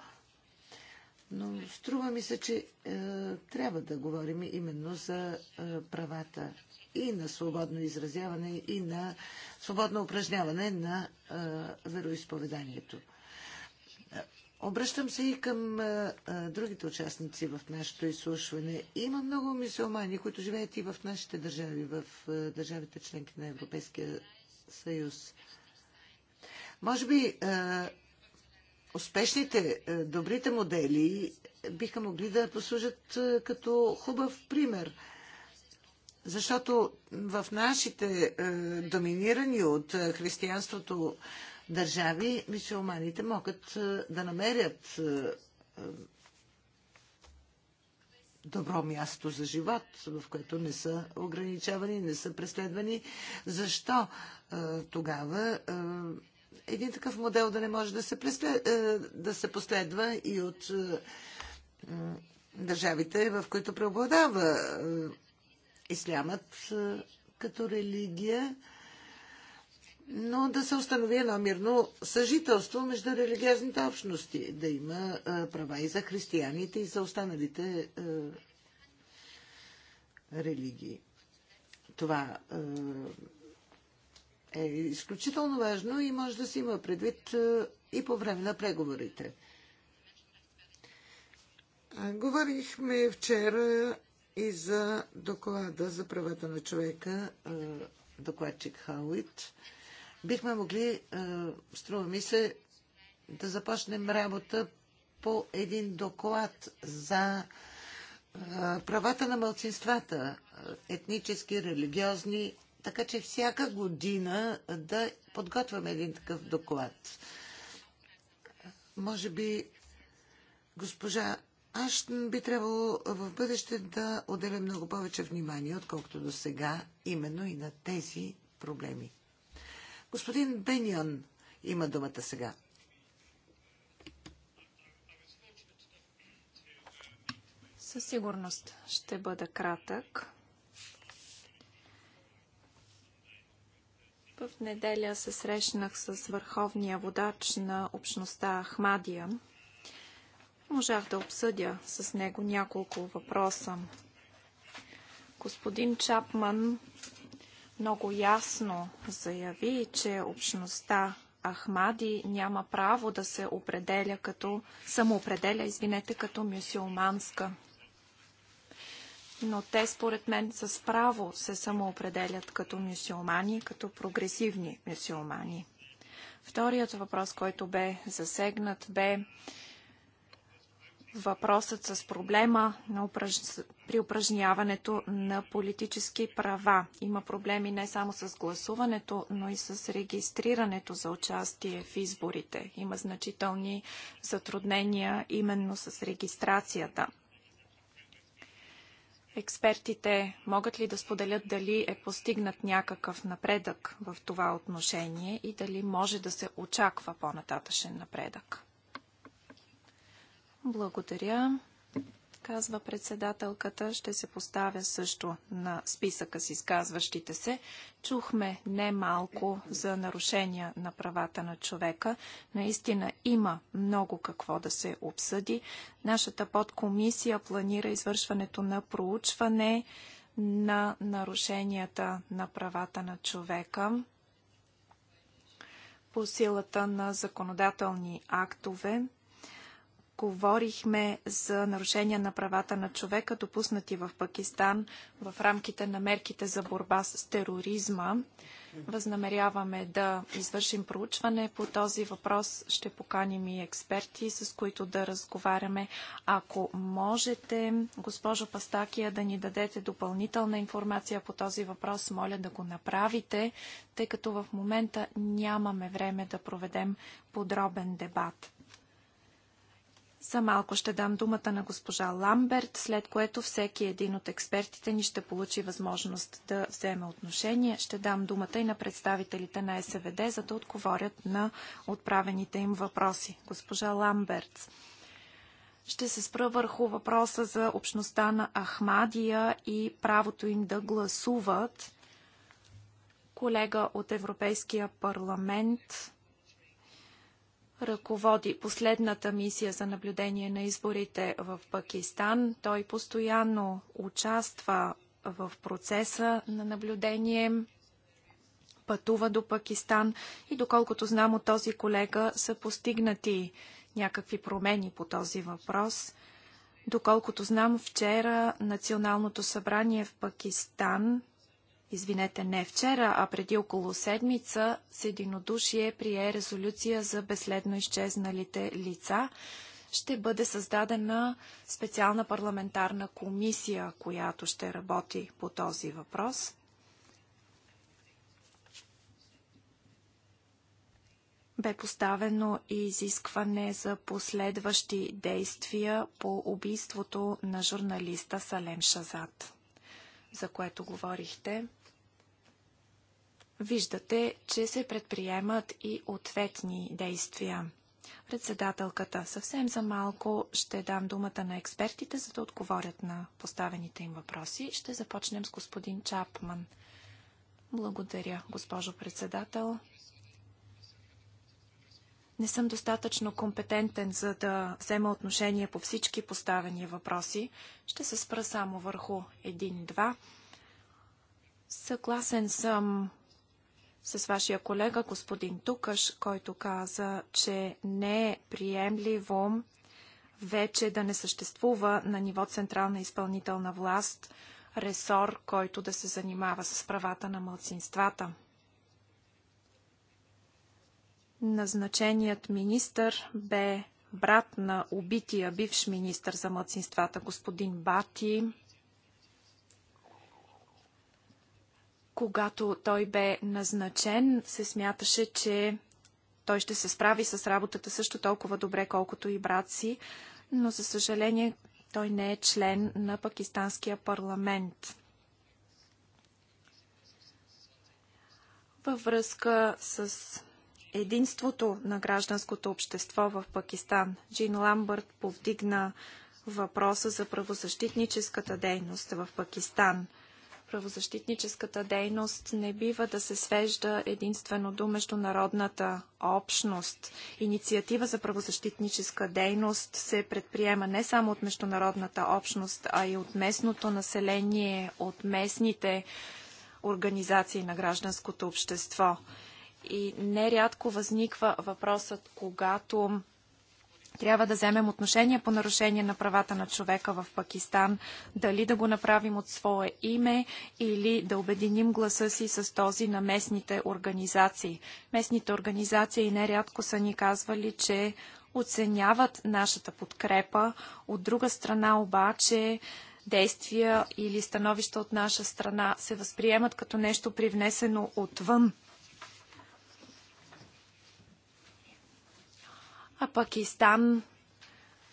Но струва ми се, че е, трябва да говорим именно за е, правата и на свободно изразяване, и на свободно упражняване на е, вероисповеданието. Обръщам се и към а, е, е, другите участници в нашето изслушване. Има много мисиомани, които живеят и в нашите държави, в а, е, държавите членки на Европейския съюз. Може би успешните, е, добрите модели биха могли да послужат е, като хубав пример. Защото в нашите е, доминирани от християнството държави, мисиоманите могат да намерят добро място за живот, в което не са ограничавани, не са преследвани. Защо тогава един такъв модел да не може да се, преслед, е, да се последва и от е, държавите, в които преобладава е, ислямът като религия, но да се установи едно мирно съжителство между религиозните общности, да има права и за християните, и за останалите религии. Това е изключително важно и може да се има предвид е, и по време на преговорите. Говорихме вчера и за доклада за правата на човека, е, докладчик Хауит. Бихме могли, е, струва ми се, да започнем работа по един доклад за правата на мълцинствата, етнически, религиозни така че всяка година да подготвяме един такъв доклад. Може би госпожа Аштън би трябвало в бъдеще да отделя много повече внимание, отколкото до сега, именно и на тези проблеми. Господин Бенион има думата сега. Със сигурност ще бъда кратък. В неделя се срещнах с върховния водач на общността Ахмадия. Можах да обсъдя с него няколко въпроса. Господин Чапман много ясно заяви, че общността Ахмади няма право да се определя като, самоопределя, извинете, като мюсюлманска но те според мен с право се самоопределят като мюсюлмани, като прогресивни мюсюлмани. Вторият въпрос, който бе засегнат, бе въпросът с проблема на упраж... при упражняването на политически права. Има проблеми не само с гласуването, но и с регистрирането за участие в изборите. Има значителни затруднения именно с регистрацията Експертите могат ли да споделят дали е постигнат някакъв напредък в това отношение и дали може да се очаква по-нататъчен напредък? Благодаря казва председателката, ще се поставя също на списъка с изказващите се. Чухме немалко за нарушения на правата на човека. Наистина има много какво да се обсъди. Нашата подкомисия планира извършването на проучване на нарушенията на правата на човека по силата на законодателни актове, говорихме за нарушения на правата на човека, допуснати в Пакистан в рамките на мерките за борба с тероризма. Възнамеряваме да извършим проучване по този въпрос. Ще поканим и експерти, с които да разговаряме. Ако можете, госпожо Пастакия, да ни дадете допълнителна информация по този въпрос, моля да го направите, тъй като в момента нямаме време да проведем подробен дебат. За малко ще дам думата на госпожа Ламберт, след което всеки един от експертите ни ще получи възможност да вземе отношение. Ще дам думата и на представителите на СВД, за да отговорят на отправените им въпроси. Госпожа Ламберт, ще се спра върху въпроса за общността на Ахмадия и правото им да гласуват. Колега от Европейския парламент ръководи последната мисия за наблюдение на изборите в Пакистан. Той постоянно участва в процеса на наблюдение, пътува до Пакистан и доколкото знам от този колега са постигнати някакви промени по този въпрос. Доколкото знам, вчера Националното събрание в Пакистан извинете, не вчера, а преди около седмица с единодушие прие резолюция за безследно изчезналите лица. Ще бъде създадена специална парламентарна комисия, която ще работи по този въпрос. Бе поставено и изискване за последващи действия по убийството на журналиста Салем Шазат за което говорихте. Виждате, че се предприемат и ответни действия. Председателката, съвсем за малко ще дам думата на експертите, за да отговорят на поставените им въпроси. Ще започнем с господин Чапман. Благодаря, госпожо председател. Не съм достатъчно компетентен, за да взема отношение по всички поставени въпроси. Ще се спра само върху един-два. Съгласен съм с вашия колега господин Тукаш, който каза, че не е приемливо вече да не съществува на ниво централна изпълнителна власт ресор, който да се занимава с правата на мълцинствата. Назначеният министър бе брат на убития бивш министър за мълцинствата господин Бати, Когато той бе назначен, се смяташе, че той ще се справи с работата също толкова добре, колкото и брат си, но за съжаление той не е член на пакистанския парламент. Във връзка с единството на гражданското общество в Пакистан, Джин Ламбърт повдигна въпроса за правозащитническата дейност в Пакистан. Правозащитническата дейност не бива да се свежда единствено до международната общност. Инициатива за правозащитническа дейност се предприема не само от международната общност, а и от местното население, от местните организации на гражданското общество. И нерядко възниква въпросът, когато трябва да вземем отношение по нарушение на правата на човека в Пакистан, дали да го направим от свое име или да обединим гласа си с този на местните организации. Местните организации нерядко са ни казвали, че оценяват нашата подкрепа. От друга страна обаче действия или становища от наша страна се възприемат като нещо привнесено отвън – а Пакистан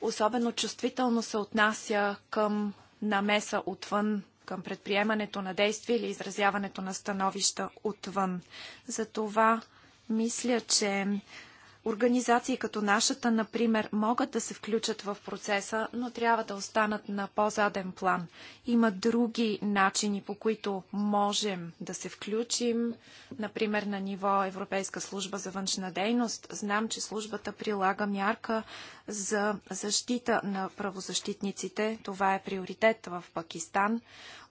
особено чувствително се отнася към намеса отвън, към предприемането на действия или изразяването на становища отвън. Затова мисля, че Организации като нашата, например, могат да се включат в процеса, но трябва да останат на по-заден план. Има други начини, по които можем да се включим, например на ниво Европейска служба за външна дейност. Знам, че службата прилага мярка за защита на правозащитниците. Това е приоритет в Пакистан.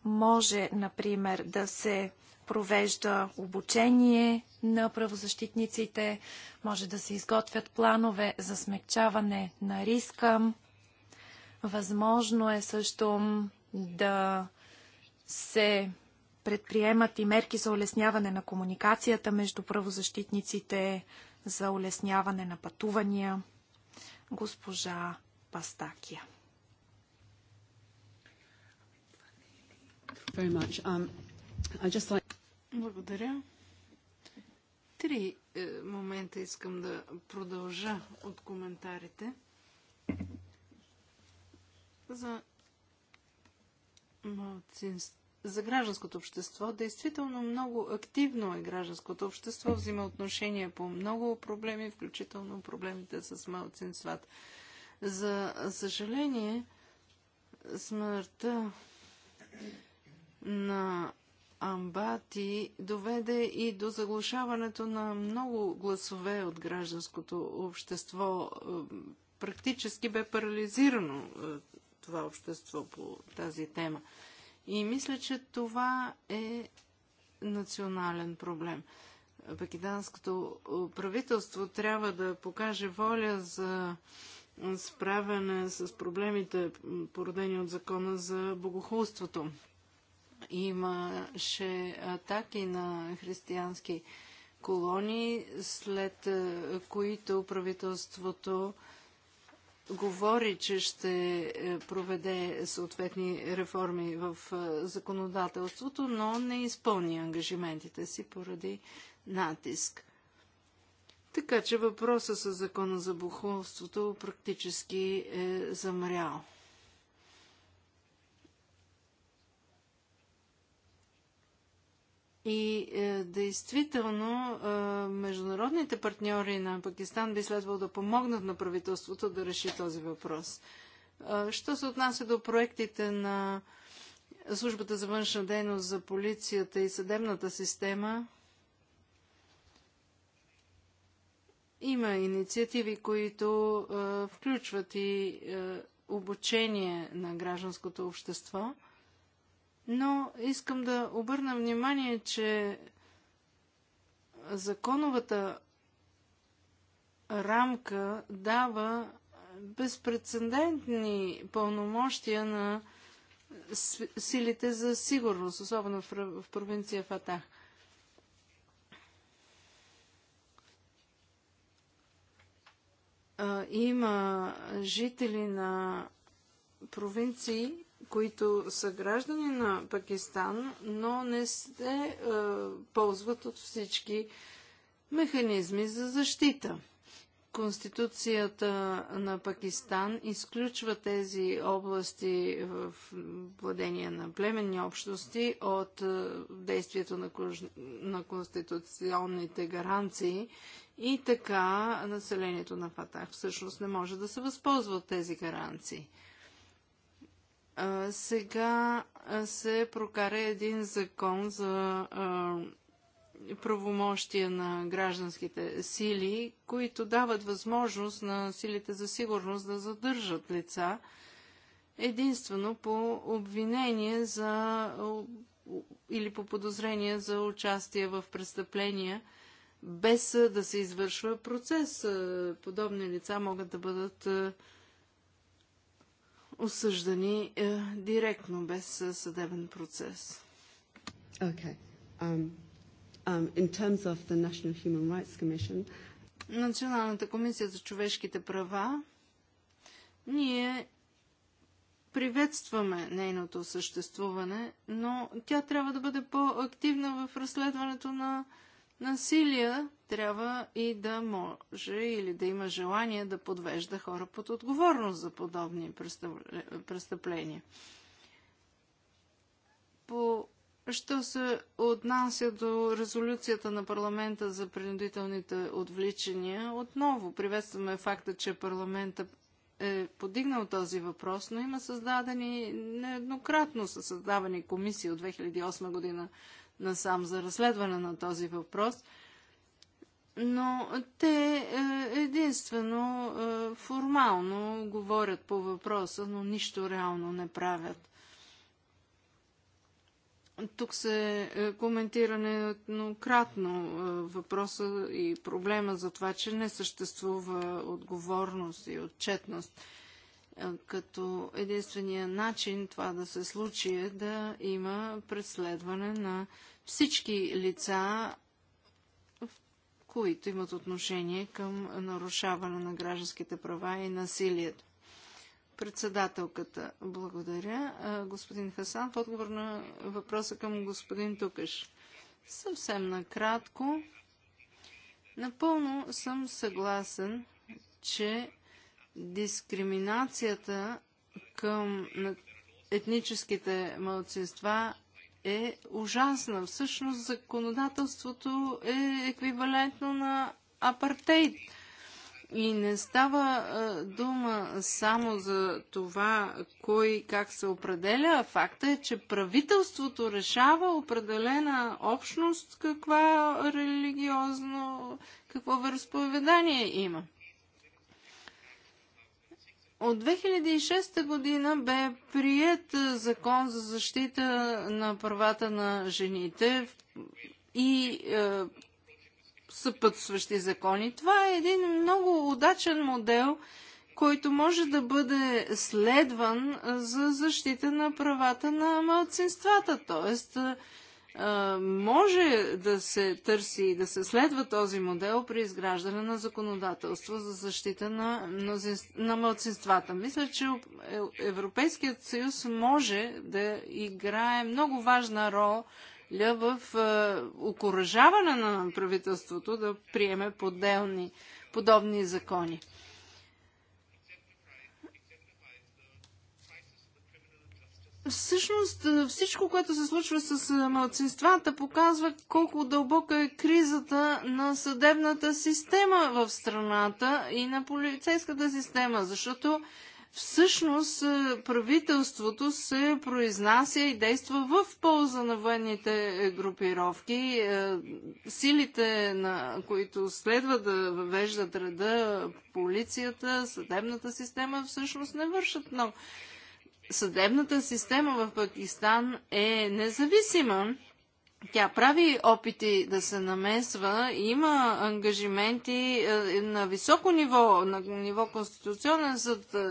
Може, например, да се провежда обучение на правозащитниците, може да се изготвят планове за смягчаване на риска. Възможно е също да се предприемат и мерки за улесняване на комуникацията между правозащитниците, за улесняване на пътувания. Госпожа Пастакия. Very much. Um, благодаря. Три е, момента искам да продължа от коментарите. За малцинство за гражданското общество. Действително много активно е гражданското общество, взима отношение по много проблеми, включително проблемите с малцинствата. За съжаление, смъртта на Амбати доведе и до заглушаването на много гласове от гражданското общество. Е, практически бе парализирано е, това общество по тази тема. И мисля, че това е национален проблем. Пакиданското правителство трябва да покаже воля за справяне с проблемите, породени от закона за богохулството имаше атаки на християнски колони, след е, които правителството говори, че ще е, проведе съответни реформи в е, законодателството, но не изпълни ангажиментите си поради натиск. Така че въпросът с закона за бухолството практически е замрял. И е, действително е, международните партньори на Пакистан би следвало да помогнат на правителството да реши този въпрос. Е, що се отнася до проектите на Службата за външна дейност за полицията и съдебната система, има инициативи, които е, включват и е, обучение на гражданското общество – но искам да обърна внимание, че законовата рамка дава безпредседентни пълномощия на силите за сигурност, особено в провинция Фатах. Има жители на провинции, които са граждани на Пакистан, но не се е, ползват от всички механизми за защита. Конституцията на Пакистан изключва тези области в владение на племенни общности от е, действието на, конституционните гаранции и така населението на Фатах всъщност не може да се възползва от тези гаранции сега се прокара един закон за правомощия на гражданските сили, които дават възможност на силите за сигурност да задържат лица единствено по обвинение за или по подозрение за участие в престъпления, без да се извършва процес. Подобни лица могат да бъдат осъждани е, директно, без е, съдебен процес. Okay. Um, um, in terms of the National Human Rights Commission, Националната комисия за човешките права, ние приветстваме нейното съществуване, но тя трябва да бъде по-активна в разследването на насилие, трябва и да може или да има желание да подвежда хора под отговорност за подобни престъпления. По Що се отнася до резолюцията на парламента за принудителните отвличания, отново приветстваме факта, че парламента е подигнал този въпрос, но има създадени, нееднократно са създавани комисии от 2008 година насам за разследване на този въпрос. Но те е, единствено е, формално говорят по въпроса, но нищо реално не правят. Тук се е, коментира неоднократно въпроса и проблема за това, че не съществува отговорност и отчетност. Като единствения начин това да се случи е да има преследване на всички лица, които имат отношение към нарушаване на гражданските права и насилието. Председателката, благодаря. Господин Хасан, в отговор на въпроса към господин Тукаш. Съвсем накратко, напълно съм съгласен, че дискриминацията към етническите мълцинства е ужасна. Всъщност законодателството е еквивалентно на апартейт. И не става а, дума само за това кой как се определя, а факта е, че правителството решава определена общност каква религиозно, какво вероисповедание има. От 2006 година бе прият закон за защита на правата на жените и е, съпътстващи закони. Това е един много удачен модел, който може да бъде следван за защита на правата на малцинствата, т.е може да се търси и да се следва този модел при изграждане на законодателство за защита на, на младсинствата. Мисля, че е-, Европейският съюз може да играе много важна роля в окоръжаване на правителството да приеме подобни закони. всъщност е, всичко, което се случва с е, младсинствата, показва колко дълбока е кризата на съдебната система в страната и на полицейската система, защото всъщност е, правителството се произнася и действа в полза на военните групировки. Силите, на които следва да въвеждат реда, полицията, съдебната система, всъщност не вършат много съдебната система в Пакистан е независима. Тя прави опити да се намесва, има ангажименти е, на високо ниво, на ниво Конституционен съд е,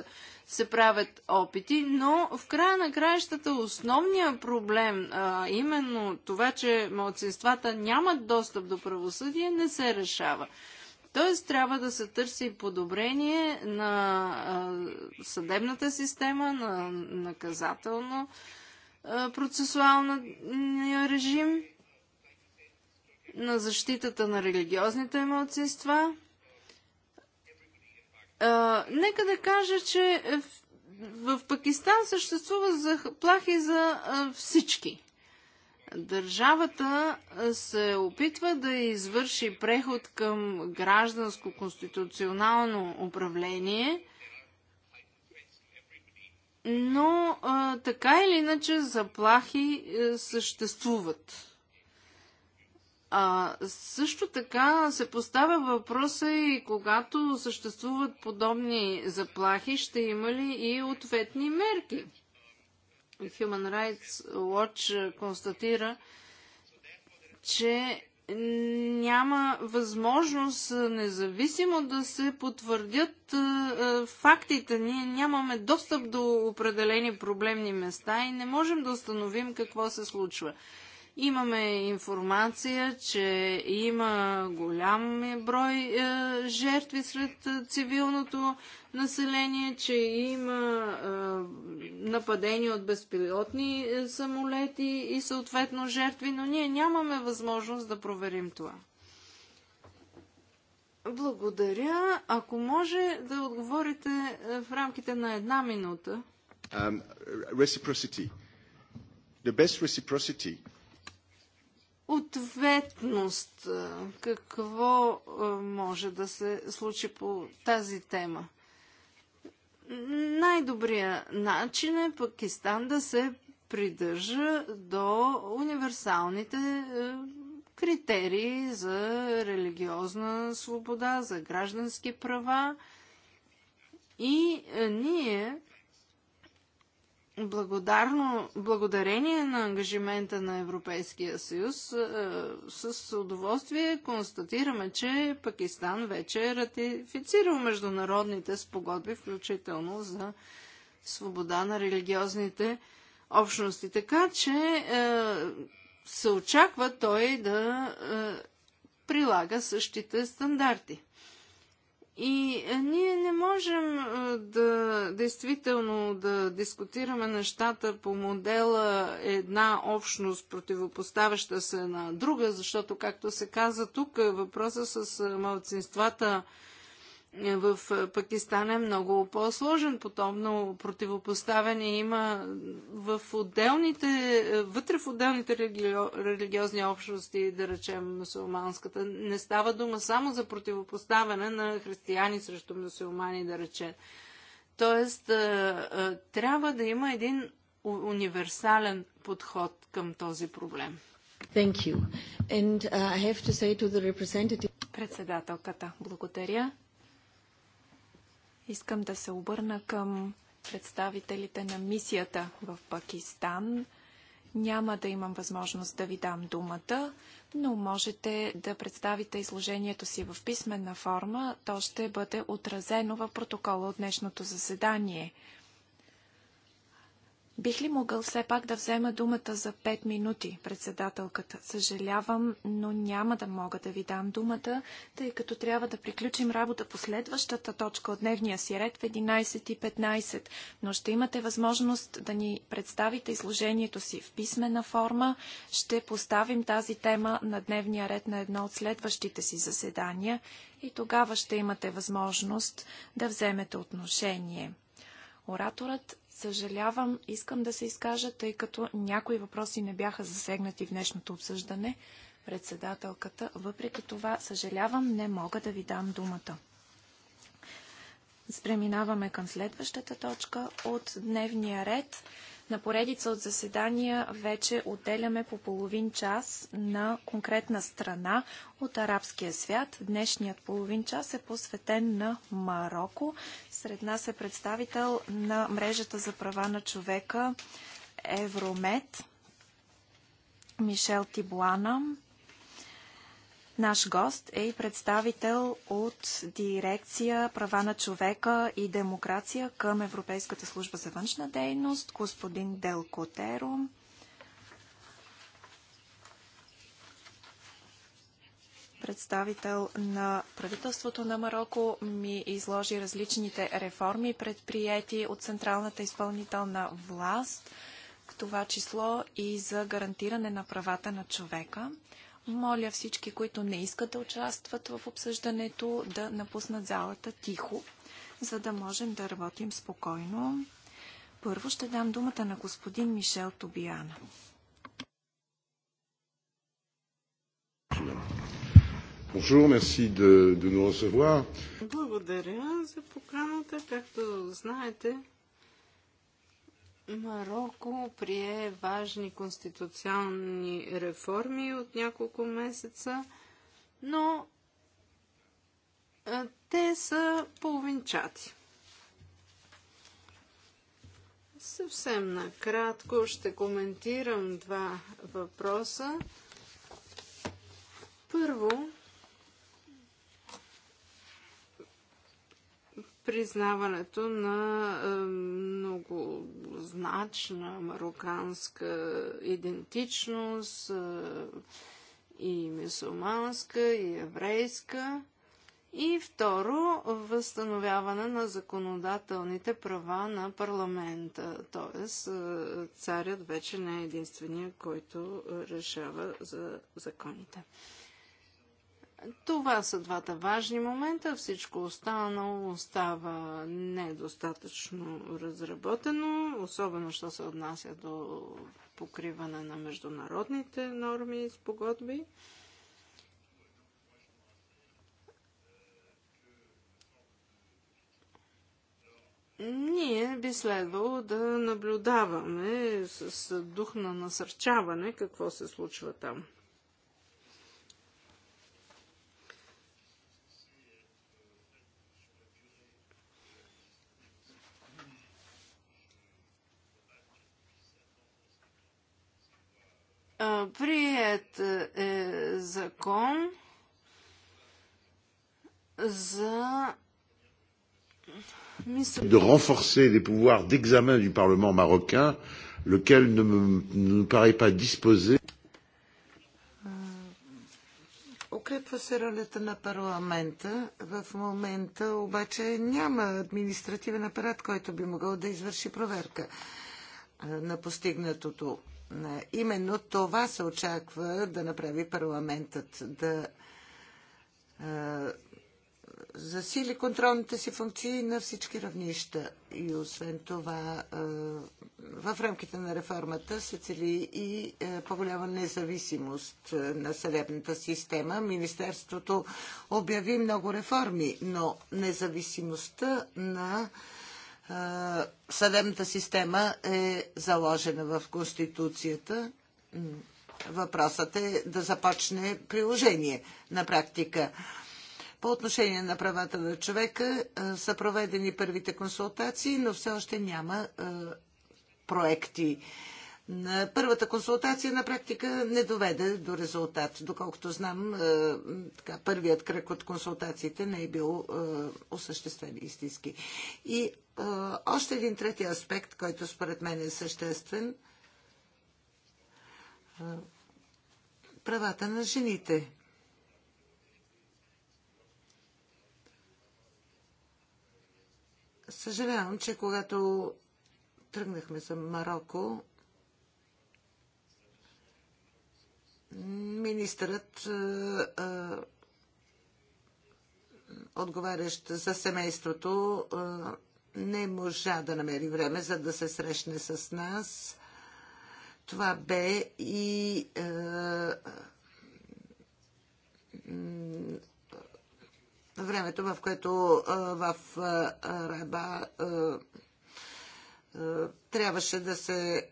се правят опити, но в края на краищата основният проблем, а е, именно това, че младсинствата нямат достъп до правосъдие, не се решава. Тоест трябва да се търси подобрение на съдебната система, на наказателно процесуалния режим, на защитата на религиозните емоцинства, Нека да кажа, че в Пакистан съществува заплахи за всички. Държавата се опитва да извърши преход към гражданско конституционално управление, но а, така или иначе заплахи а, съществуват. А, също така се поставя въпроса и когато съществуват подобни заплахи, ще има ли и ответни мерки. Human Rights Watch е, констатира, че няма възможност е, независимо да се потвърдят е, фактите. Ние нямаме достъп до определени проблемни места и не можем да установим какво се случва. Имаме информация, че има голям брой жертви сред цивилното население, че има е, нападения от безпилотни е, самолети и съответно жертви, но ние нямаме възможност да проверим това. Благодаря. Ако може да отговорите е, в рамките на една минута. Um, reciprocity. The best reciprocity ответност. Е, какво може да се случи по тази тема? най-добрият начин е Пакистан да се придържа до универсалните е, критерии за религиозна свобода, за граждански права. И е, ние благодарно, благодарение на ангажимента на Европейския съюз, е, с удоволствие констатираме, че Пакистан вече е ратифицирал международните спогодби, включително за свобода на религиозните общности. Така че е, се очаква той да е, прилага същите стандарти. И е, ние не можем е, да действително да дискутираме нещата по модела една общност, противопоставяща се на друга, защото, както се каза тук, е въпроса с малцинствата в Пакистан е много по-сложен. Подобно противопоставяне има в отделните, вътре в отделните религиозни общности, да речем мусулманската. Не става дума само за противопоставяне на християни срещу мусулмани, да речем. Тоест, трябва да има един универсален подход към този проблем. Thank you. And, uh, I have to say to the representative... Председателката, благодаря. Искам да се обърна към представителите на мисията в Пакистан. Няма да имам възможност да ви дам думата, но можете да представите изложението си в писменна форма. То ще бъде отразено в протокола от днешното заседание. Бих ли могъл все пак да взема думата за 5 минути, председателката? Съжалявам, но няма да мога да ви дам думата, тъй като трябва да приключим работа по следващата точка от дневния си ред в 11.15. Но ще имате възможност да ни представите изложението си в писмена форма. Ще поставим тази тема на дневния ред на едно от следващите си заседания и тогава ще имате възможност да вземете отношение. Ораторът Съжалявам, искам да се изкажа, тъй като някои въпроси не бяха засегнати в днешното обсъждане. Председателката, въпреки това, съжалявам, не мога да ви дам думата. Преминаваме към следващата точка от дневния ред. На поредица от заседания вече отделяме по половин час на конкретна страна от арабския свят. Днешният половин час е посветен на Марокко. Сред нас е представител на мрежата за права на човека Евромед Мишел Тибуана. Наш гост е и представител от дирекция Права на човека и демокрация към Европейската служба за външна дейност, господин Дел Котеро. представител на правителството на Марокко ми изложи различните реформи, предприяти от Централната изпълнителна власт, в това число и за гарантиране на правата на човека. Моля всички, които не искат да участват в обсъждането, да напуснат залата тихо, за да можем да работим спокойно. Първо ще дам думата на господин Мишел Тобиана. Bonjour, merci de, de nous recevoir. Благодаря за поканата. Както знаете, Марокко прие важни конституционни реформи от няколко месеца, но те са половинчати. Съвсем накратко ще коментирам два въпроса. Първо, признаването на е, многозначна мароканска идентичност е, и мисулманска, и еврейска. И второ, възстановяване на законодателните права на парламента. Тоест, е, царят вече не е единствения, който решава за законите. Това са двата важни момента. Всичко останало остава недостатъчно разработено, особено що се отнася до покриване на международните норми и спогодби. ние би следвало да наблюдаваме с дух на насърчаване какво се случва там. Прият е, е закон за de renforcer les pouvoirs d'examen du Parlement marocain, lequel ne me, ne paraît pas disposé. Е, укрепва на парламента. В момента обаче няма административен апарат, който би могъл да извърши проверка е, на постигнатото. Именно това се очаква да направи парламентът, да засили контролните си функции на всички равнища. И освен това, в рамките на реформата се цели и по-голяма независимост на съдебната система. Министерството обяви много реформи, но независимостта на съдебната система е заложена в Конституцията. Въпросът е да започне приложение на практика. По отношение на правата на човека са проведени първите консултации, но все още няма проекти на първата консултация на практика не доведе до резултат. Доколкото знам, е, така, първият кръг от консултациите не е бил е, осъществен истински. И е, още един трети аспект, който според мен е съществен правата на жените. Съжалявам, че когато тръгнахме за Марокко, министърът е, е, отговарящ за семейството е, не можа да намери време, за да се срещне с нас. Това бе и е, времето, в което е, в е, Раба е, трябваше да се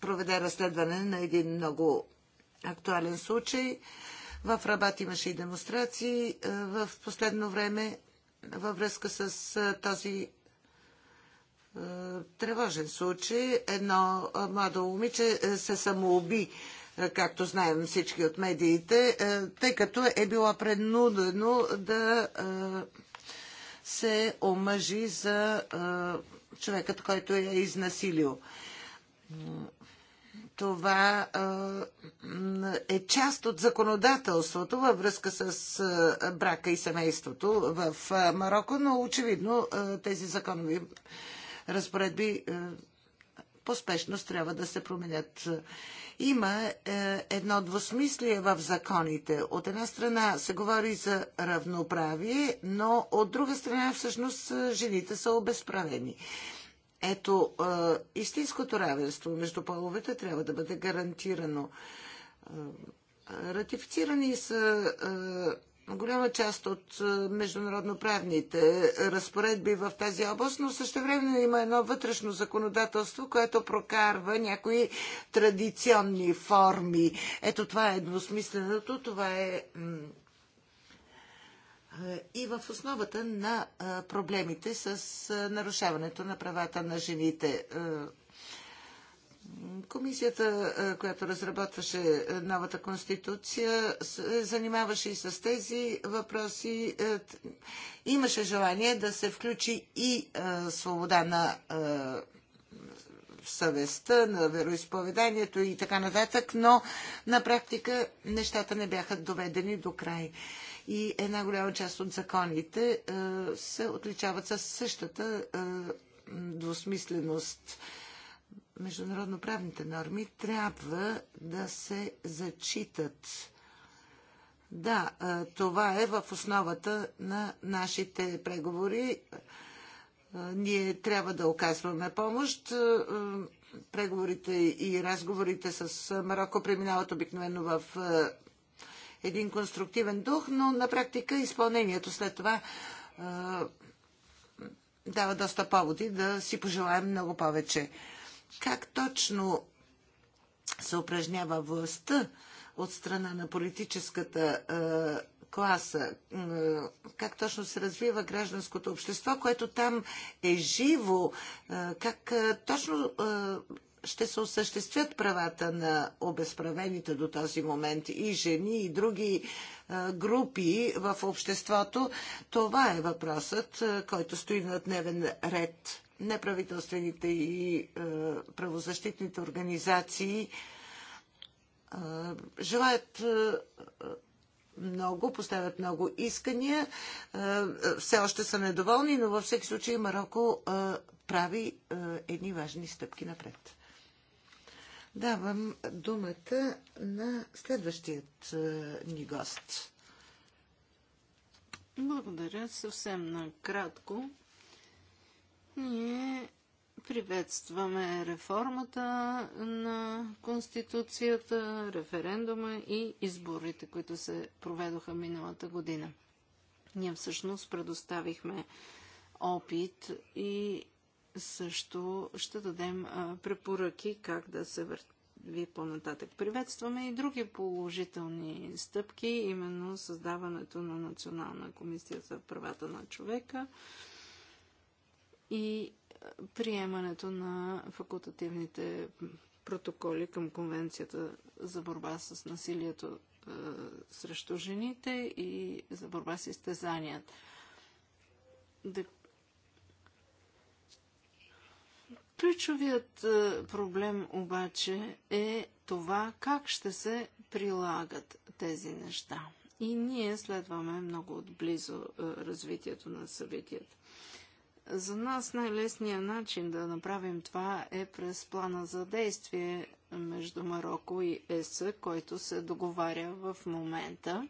проведе разследване на един много актуален случай. В Рабат имаше и демонстрации е, в последно време във връзка с е, този е, тревожен случай. Едно младо момиче се самоуби, както знаем всички от медиите, тъй като е било принудено да се омъжи за човекът, който я е изнасилил това е част от законодателството във връзка с брака и семейството в Марокко, но очевидно тези законови разпоредби по спешност трябва да се променят. Има е, едно двусмислие в законите. От една страна се говори за равноправие, но от друга страна всъщност жените са обезправени. Ето, истинското равенство между половете трябва да бъде гарантирано. Ратифицирани са голяма част от международноправните разпоредби в тази област, но време има едно вътрешно законодателство, което прокарва някои традиционни форми. Ето това е едносмисленото, това е и в основата на проблемите с нарушаването на правата на жените. Комисията, която разработваше новата конституция, се занимаваше и с тези въпроси. Имаше желание да се включи и свобода на съвестта, на вероисповеданието и така нататък, но на практика нещата не бяха доведени до край и една голяма част от законите е, се отличават със същата е, двусмисленост. Международноправните норми трябва да се зачитат. Да, е, това е в основата на нашите преговори. Ние трябва да оказваме помощ. Преговорите и разговорите с Марокко преминават обикновено в един конструктивен дух, но на практика изпълнението след това дава доста поводи да си пожелаем много повече. Как точно се упражнява властта от страна на политическата е, класа? Е, как точно се развива гражданското общество, което там е живо? Е, как е, точно е, ще се осъществят правата на обезправените до този момент и жени, и други е, групи в обществото, това е въпросът, е, който стои на дневен ред. Неправителствените и е, правозащитните организации желаят много, поставят много искания. Все още са недоволни, но във всеки случай Марокко прави едни важни стъпки напред. Давам думата на следващият е, ни гост. Благодаря. Съвсем накратко. Ние приветстваме реформата на Конституцията, референдума и изборите, които се проведоха миналата година. Ние всъщност предоставихме опит и също ще дадем препоръки как да се върви по-нататък. Приветстваме и други положителни стъпки, именно създаването на Национална комисия за правата на човека и приемането на факултативните протоколи към Конвенцията за борба с насилието срещу жените и за борба с изтезанията. Ключовият е, проблем обаче е това как ще се прилагат тези неща. И ние следваме много отблизо е, развитието на събитията. За нас най-лесният начин да направим това е през плана за действие между Марокко и ЕС, който се договаря в момента.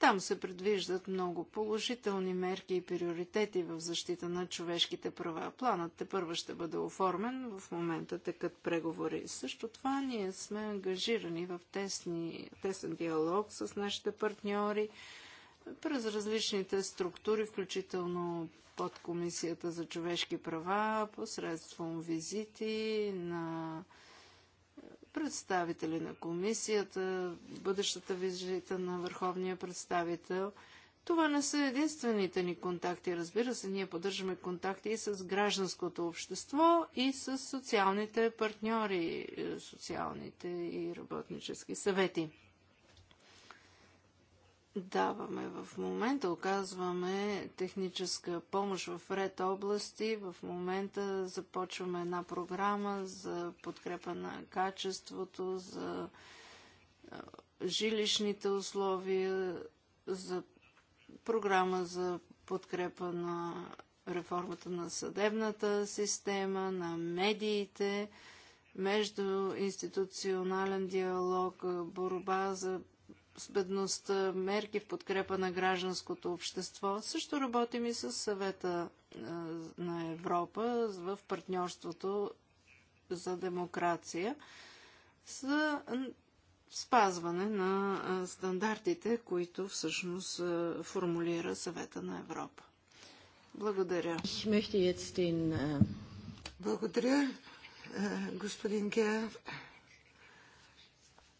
Там се предвиждат много положителни мерки и приоритети в защита на човешките права. Планът те първа ще бъде оформен, в момента текат преговори. Също това ние сме ангажирани в тесни, тесен диалог с нашите партньори през различните структури, включително под Комисията за човешки права, посредством визити на представители на комисията, бъдещата визита на върховния представител. Това не са единствените ни контакти. Разбира се, ние поддържаме контакти и с гражданското общество, и с социалните партньори, социалните и работнически съвети даваме в момента, оказваме техническа помощ в ред области. В момента започваме една програма за подкрепа на качеството, за жилищните условия, за програма за подкрепа на реформата на съдебната система, на медиите, междуинституционален диалог, борба за с бедността, мерки в подкрепа на гражданското общество. Също работим и с съвета на Европа в партньорството за демокрация за спазване на стандартите, които всъщност формулира съвета на Европа. Благодаря. Благодаря, господин Геав.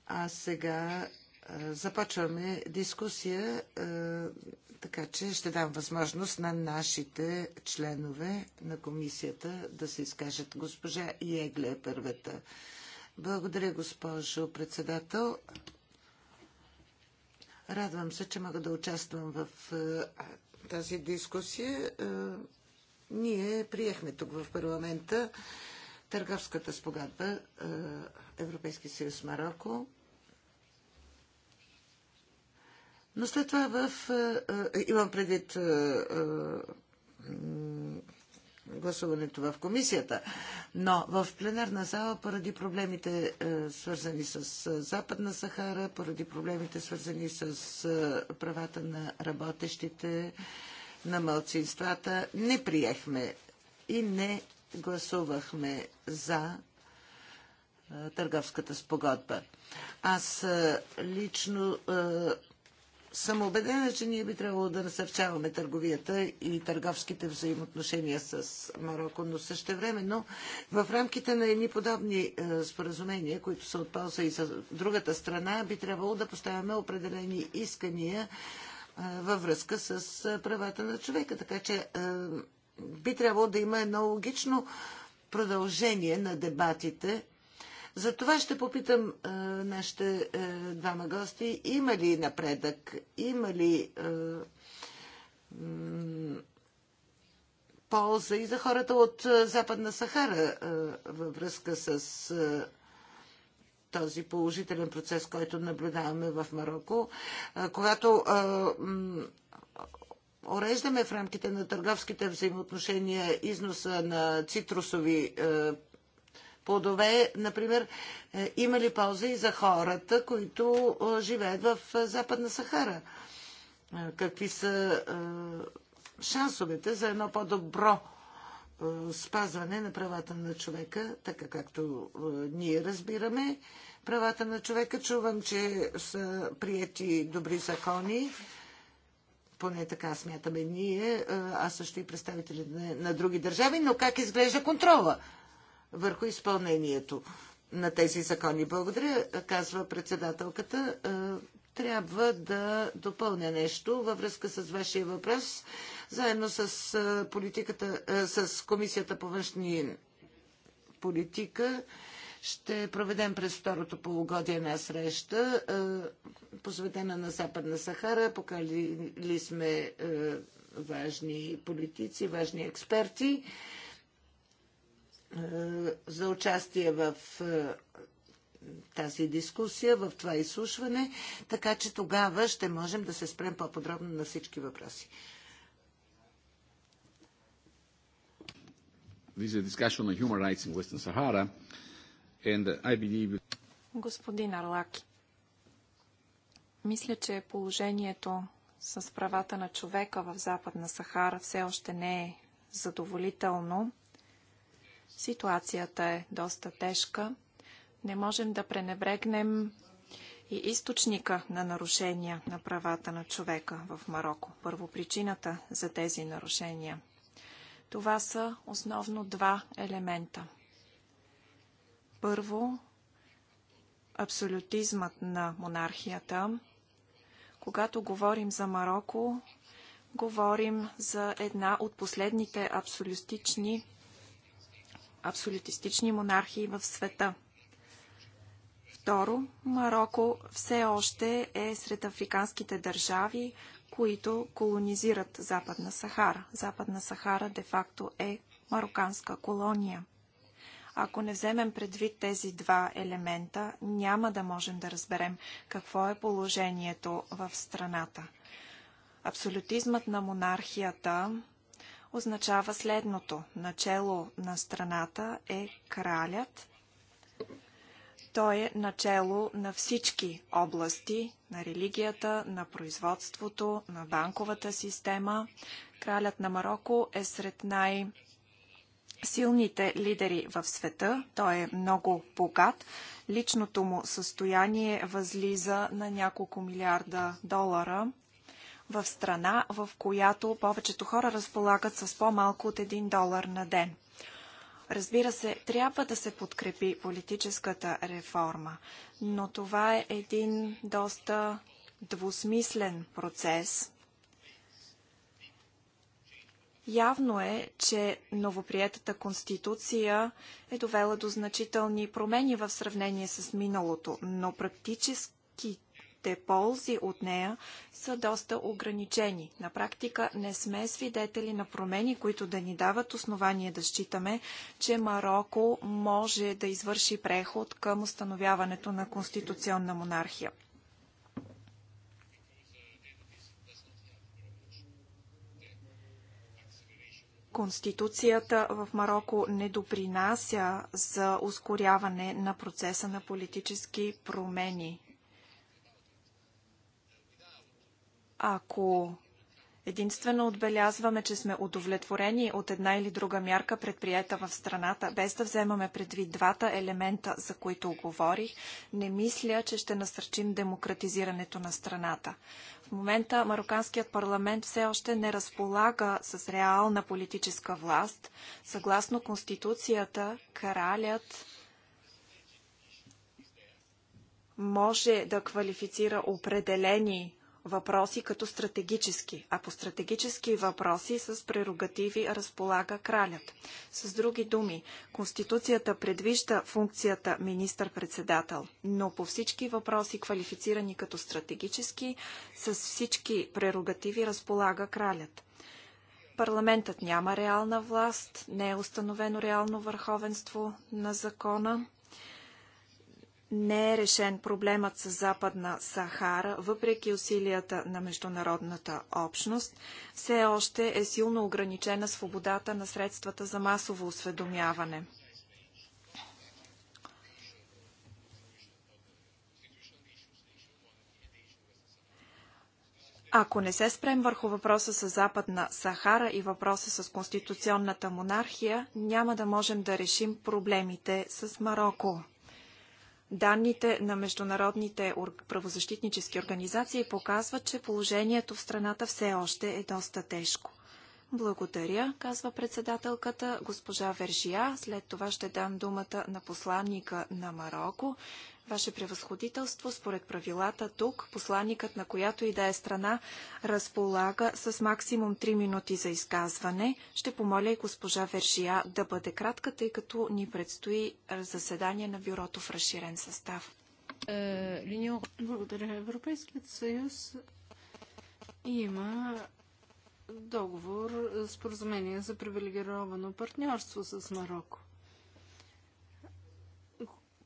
А сега започваме дискусия, е, така че ще дам възможност на нашите членове на комисията да се изкажат. Госпожа Иегле, е първата. Благодаря, госпожо председател. Радвам се, че мога да участвам в е, тази дискусия. Е, ние приехме тук в парламента търговската спогадба Европейски съюз Марокко. Но след това в... Имам предвид гласуването в комисията, но в пленарна зала поради проблемите свързани с Западна Сахара, поради проблемите свързани с правата на работещите, на малцинствата, не приехме и не гласувахме за търговската спогодба. Аз лично съм убедена, че ние би трябвало да насърчаваме търговията и търговските взаимоотношения с Марокко, но също време, но в рамките на едни подобни е, споразумения, които са от полза и за другата страна, би трябвало да поставяме определени искания е, във връзка с е, правата на човека. Така че би трябвало да има едно логично продължение на дебатите за това ще попитам а, е, нашите а, е, двама гости. Има ли напредък? Има ли а, е, полза и за хората от Западна Сахара а, във връзка с а, този положителен процес, който наблюдаваме в Марокко? А, когато а, ореждаме в рамките на търговските взаимоотношения износа на цитрусови плодове, например, е, има ли полза и за хората, които е, живеят в е, Западна Сахара? Какви са шансовете за едно по-добро спазване на правата на човека, така както ние разбираме правата на човека. Чувам, че са прияти добри закони, поне така смятаме ние, а също и представители на други държави, но как изглежда контрола върху изпълнението на тези закони. Благодаря, казва председателката. Е, трябва да допълня нещо във връзка с вашия въпрос. Заедно с, е, политиката, е, с Комисията по външни политика ще проведем през второто полугодие една среща, посветена на Западна Сахара. Покали сме важни политици, важни експерти. Е, за участие в е, тази дискусия, в това изслушване, така че тогава ще можем да се спрем по-подробно на всички въпроси. Believe... Господин Арлаки, мисля, че положението с правата на човека в Западна Сахара все още не е задоволително. Ситуацията е доста тежка. Не можем да пренебрегнем и източника на нарушения на правата на човека в Марокко. причината за тези нарушения. Това са основно два елемента. Първо, абсолютизмът на монархията. Когато говорим за Марокко, говорим за една от последните абсолютични абсолютистични монархии в света. Второ, Марокко все още е сред африканските държави, които колонизират Западна Сахара. Западна Сахара де-факто е мароканска колония. Ако не вземем предвид тези два елемента, няма да можем да разберем какво е положението в страната. Абсолютизмът на монархията означава следното. Начело на страната е кралят. Той е начело на всички области, на религията, на производството, на банковата система. Кралят на Марокко е сред най- силните лидери в света. Той е много богат. Личното му състояние възлиза на няколко милиарда долара в страна, в която повечето хора разполагат с по-малко от 1 долар на ден. Разбира се, трябва да се подкрепи политическата реформа, но това е един доста двусмислен процес. Явно е, че новоприетата конституция е довела до значителни промени в сравнение с миналото, но практически те ползи от нея са доста ограничени. На практика не сме свидетели на промени, които да ни дават основание да считаме, че Марокко може да извърши преход към установяването на конституционна монархия. Конституцията в Марокко не допринася за ускоряване на процеса на политически промени. Ако единствено отбелязваме, че сме удовлетворени от една или друга мярка предприета в страната, без да вземаме предвид двата елемента, за които говорих, не мисля, че ще насърчим демократизирането на страната. В момента мароканският парламент все още не разполага с реална политическа власт. Съгласно Конституцията, кралят може да квалифицира определени въпроси като стратегически, а по стратегически въпроси с прерогативи разполага кралят. С други думи, Конституцията предвижда функцията министър-председател, но по всички въпроси, квалифицирани като стратегически, с всички прерогативи разполага кралят. Парламентът няма реална власт, не е установено реално върховенство на закона. Не е решен проблемът с Западна Сахара, въпреки усилията на международната общност. Все още е силно ограничена свободата на средствата за масово осведомяване. Ако не се спрем върху въпроса с Западна Сахара и въпроса с конституционната монархия, няма да можем да решим проблемите с Марокко. Данните на международните правозащитнически организации показват, че положението в страната все още е доста тежко. Благодаря, казва председателката госпожа Вержия. След това ще дам думата на посланника на Марокко. Ваше превъзходителство, според правилата тук, посланникът на която и да е страна, разполага с максимум 3 минути за изказване. Ще помоля и госпожа Вержия да бъде кратка, тъй като ни предстои заседание на бюрото в разширен състав. Е, Благодаря. Европейският съюз има договор, споразумение за привилегировано партньорство с Марокко.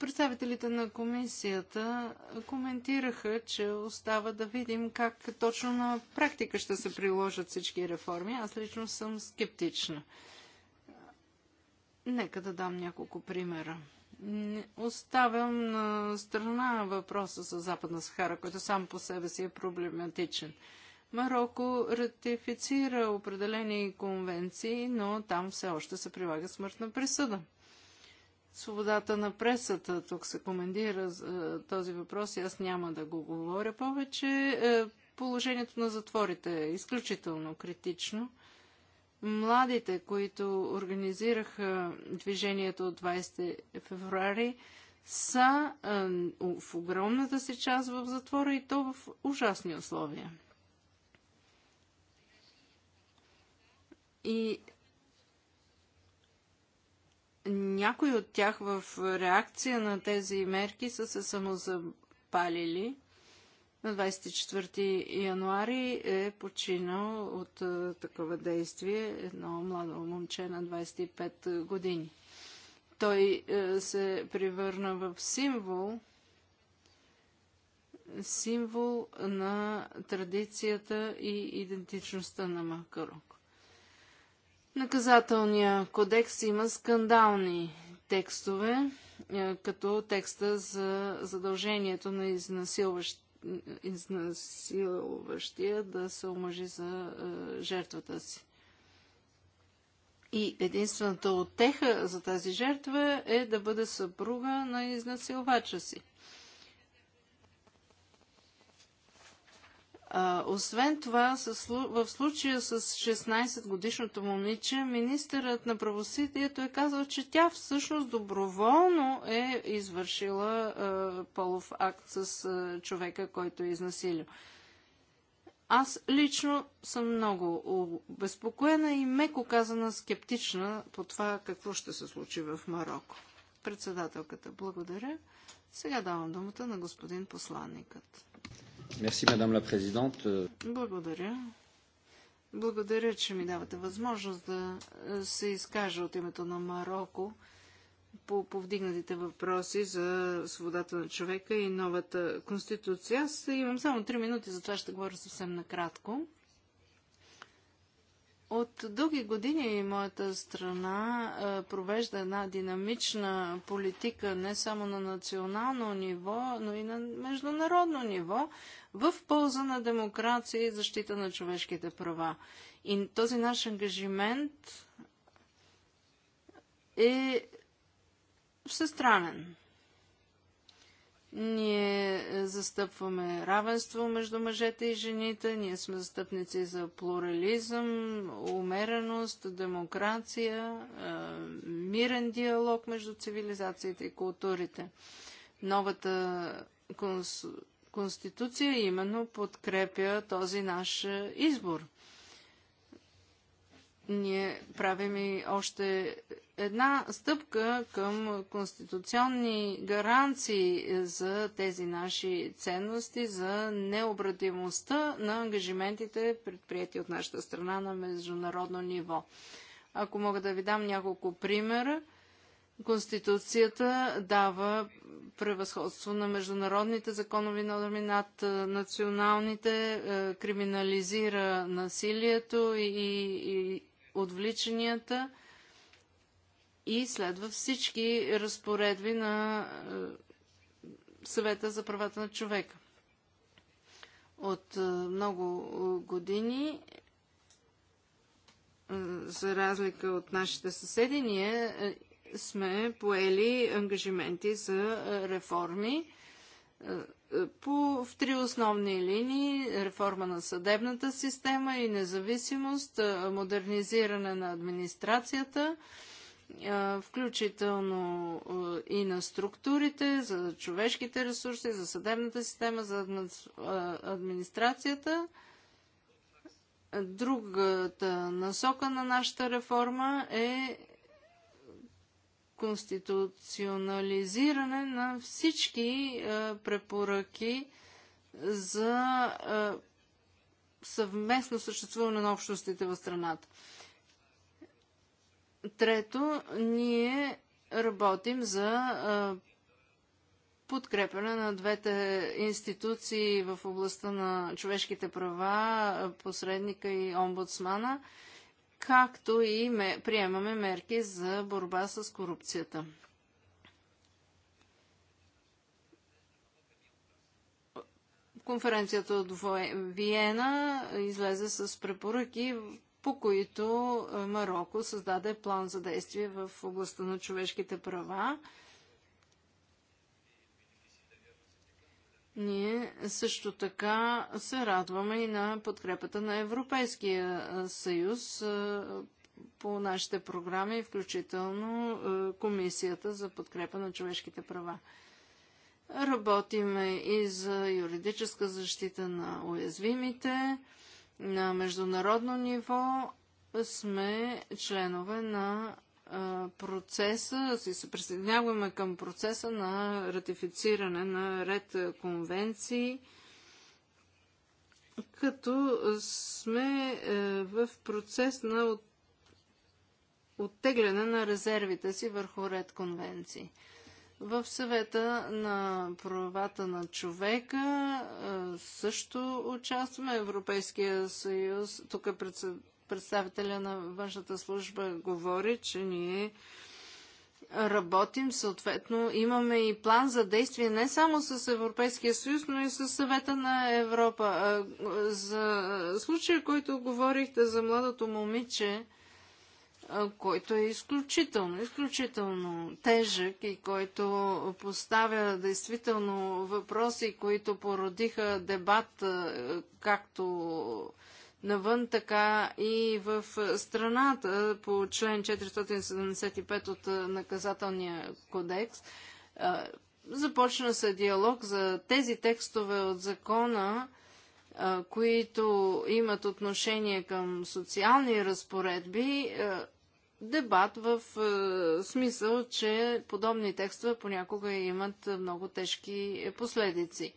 Представителите на комисията коментираха, че остава да видим как точно на практика ще се приложат всички реформи. Аз лично съм скептична. Нека да дам няколко примера. Оставям на страна въпроса за Западна Сахара, който сам по себе си е проблематичен. Марокко ратифицира определени конвенции, но там все още се прилага смъртна присъда свободата на пресата. Тук се комендира е, този въпрос и аз няма да го говоря повече. Е, положението на затворите е изключително критично. Младите, които организираха движението от 20 феврари, са е, в огромната си част в затвора и то в ужасни условия. И някои от тях в реакция на тези мерки са се самозапалили. На 24 януари е починал от такова действие едно младо момче на 25 години. Той се превърна в символ символ на традицията и идентичността на Макарок. Наказателния кодекс има скандални текстове, е, като текста за задължението на изнасилващ, изнасилващия да се омъжи за е, жертвата си. И единствената отеха за тази жертва е да бъде съпруга на изнасилвача си. освен това, в случая с 16-годишното момиче, министърът на правосъдието е казал, че тя всъщност доброволно е извършила полов акт с човека, който е изнасилил. Аз лично съм много обезпокоена и меко казана скептична по това какво ще се случи в Марокко. Председателката, благодаря. Сега давам думата на господин посланникът мадам ла президент. Благодаря. Благодаря, че ми давате възможност да е, се изкажа от името на Марокко по повдигнатите въпроси за свободата на човека и новата конституция. Аз имам само 3 минути, затова ще говоря съвсем накратко. От дълги години моята страна е, провежда една динамична политика не само на национално ниво, но и на международно ниво в полза на демокрация и защита на човешките права. И този наш ангажимент е всестранен. Ние е, застъпваме равенство между мъжете и жените, ние сме застъпници за плурализъм, умереност, демокрация, е, мирен диалог между цивилизациите и културите. Новата конс... конституция именно подкрепя този наш е, избор – ние правим и още една стъпка към конституционни гаранции за тези наши ценности, за необратимостта на ангажиментите, предприяти от нашата страна на международно ниво. Ако мога да ви дам няколко примера, Конституцията дава превъзходство на международните законови норми над е, националните, е, криминализира насилието и, и, отвличанията и следва всички разпоредби на е, съвета за правата на човека. От е, много години, е, за разлика от нашите съседи, ние сме поели ангажименти за реформи по, в три основни линии реформа на съдебната система и независимост, модернизиране на администрацията, включително и на структурите, за човешките ресурси, за съдебната система, за администрацията. Другата насока на нашата реформа е конституционализиране на всички е, препоръки за е, съвместно съществуване на общностите в страната. Трето, ние работим за е, подкрепяне на двете институции в областта на човешките права, посредника и омбудсмана – както и приемаме мерки за борба с корупцията. Конференцията от Виена излезе с препоръки, по които Марокко създаде план за действие в областта на човешките права Ние също така се радваме и на подкрепата на Европейския съюз по нашите програми, включително Комисията за подкрепа на човешките права. Работиме и за юридическа защита на уязвимите. На международно ниво сме членове на процеса, си се присъединяваме към процеса на ратифициране на ред конвенции, като сме е, в процес на оттегляне на резервите си върху ред конвенции. В съвета на правата на човека е, също участваме. Европейския съюз, тук е председател представителя на външната служба говори, че ние работим, съответно имаме и план за действие не само с Европейския съюз, но и с съвета на Европа. За случая, който говорихте за младото момиче, който е изключително, изключително тежък и който поставя действително въпроси, които породиха дебат както навън, така и в страната по член 475 от наказателния кодекс. Започна се диалог за тези текстове от закона, които имат отношение към социални разпоредби, дебат в смисъл, че подобни текстове понякога имат много тежки последици.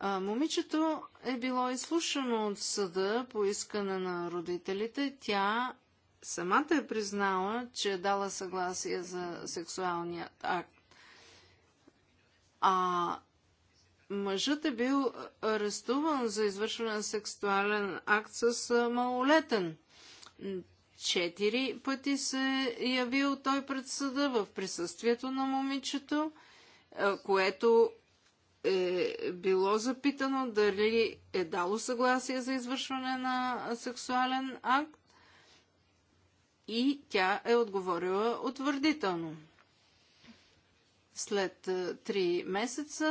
А, момичето е било изслушано от съда по искане на родителите. Тя самата е признала, че е дала съгласие за сексуалният акт. А мъжът е бил арестуван за извършване на сексуален акт с малолетен. Четири пъти се явил той пред съда в присъствието на момичето, което е било запитано дали е дало съгласие за извършване на сексуален акт и тя е отговорила утвърдително. След е, три месеца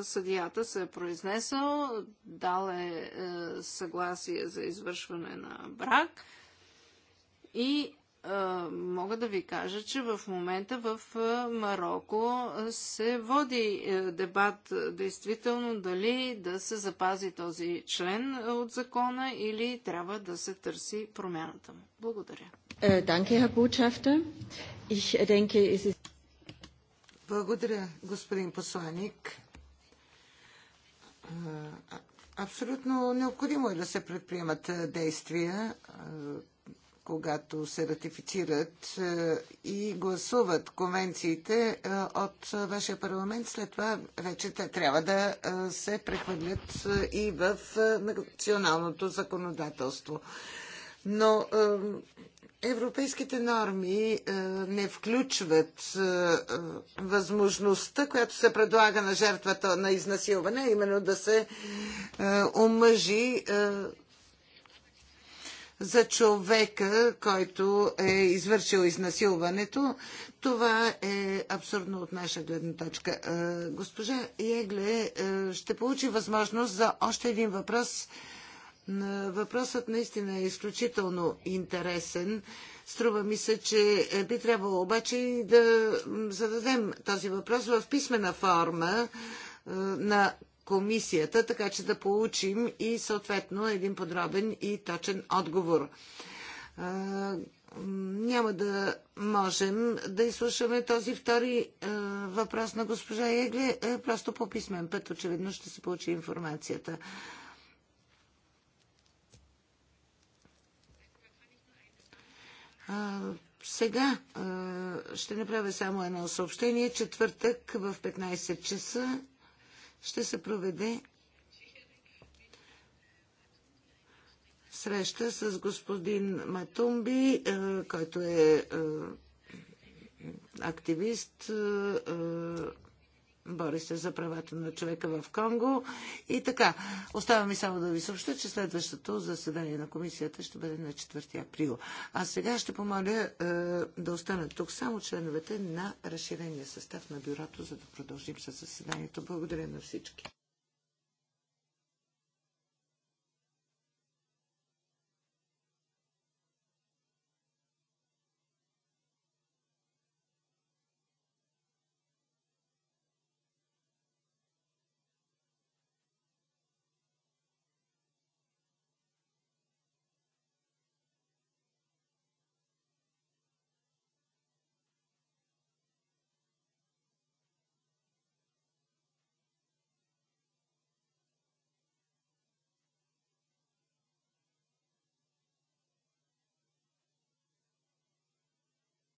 е, съдията се е произнесъл, дал е, е съгласие за извършване на брак и мога да ви кажа, че в момента в Марокко се води е, дебат действително дали да се запази този член от закона или трябва да се търси промяната му. Благодаря. Е, Благодаря, господин посланик. Е, абсолютно необходимо е да се предприемат действия когато се ратифицират е, и гласуват конвенциите е, от вашия парламент, след това вече те трябва да е, се прехвърлят и в националното законодателство. Но европейските норми не включват възможността, която се предлага на жертвата на изнасилване, именно да се омъжи за човека, който е извършил изнасилването. Това е абсурдно от наша гледна точка. Госпожа Егле ще получи възможност за още един въпрос. Въпросът наистина е изключително интересен. Струва ми се, че би трябвало обаче да зададем този въпрос в писмена форма на комисията, така че да получим и съответно един подробен и точен отговор. Няма да можем да изслушаме този втори въпрос на госпожа Егле. Просто по писмен път очевидно ще се получи информацията. Сега ще направя само едно съобщение. Четвъртък в 15 часа ще се проведе среща с господин Матумби, е, който е, е активист е, бори се за правата на човека в Конго. И така, остава ми само да ви съобща, че следващото заседание на комисията ще бъде на 4 април. А сега ще помоля е, да останат тук само членовете на разширения състав на бюрото, за да продължим със заседанието. Благодаря на всички.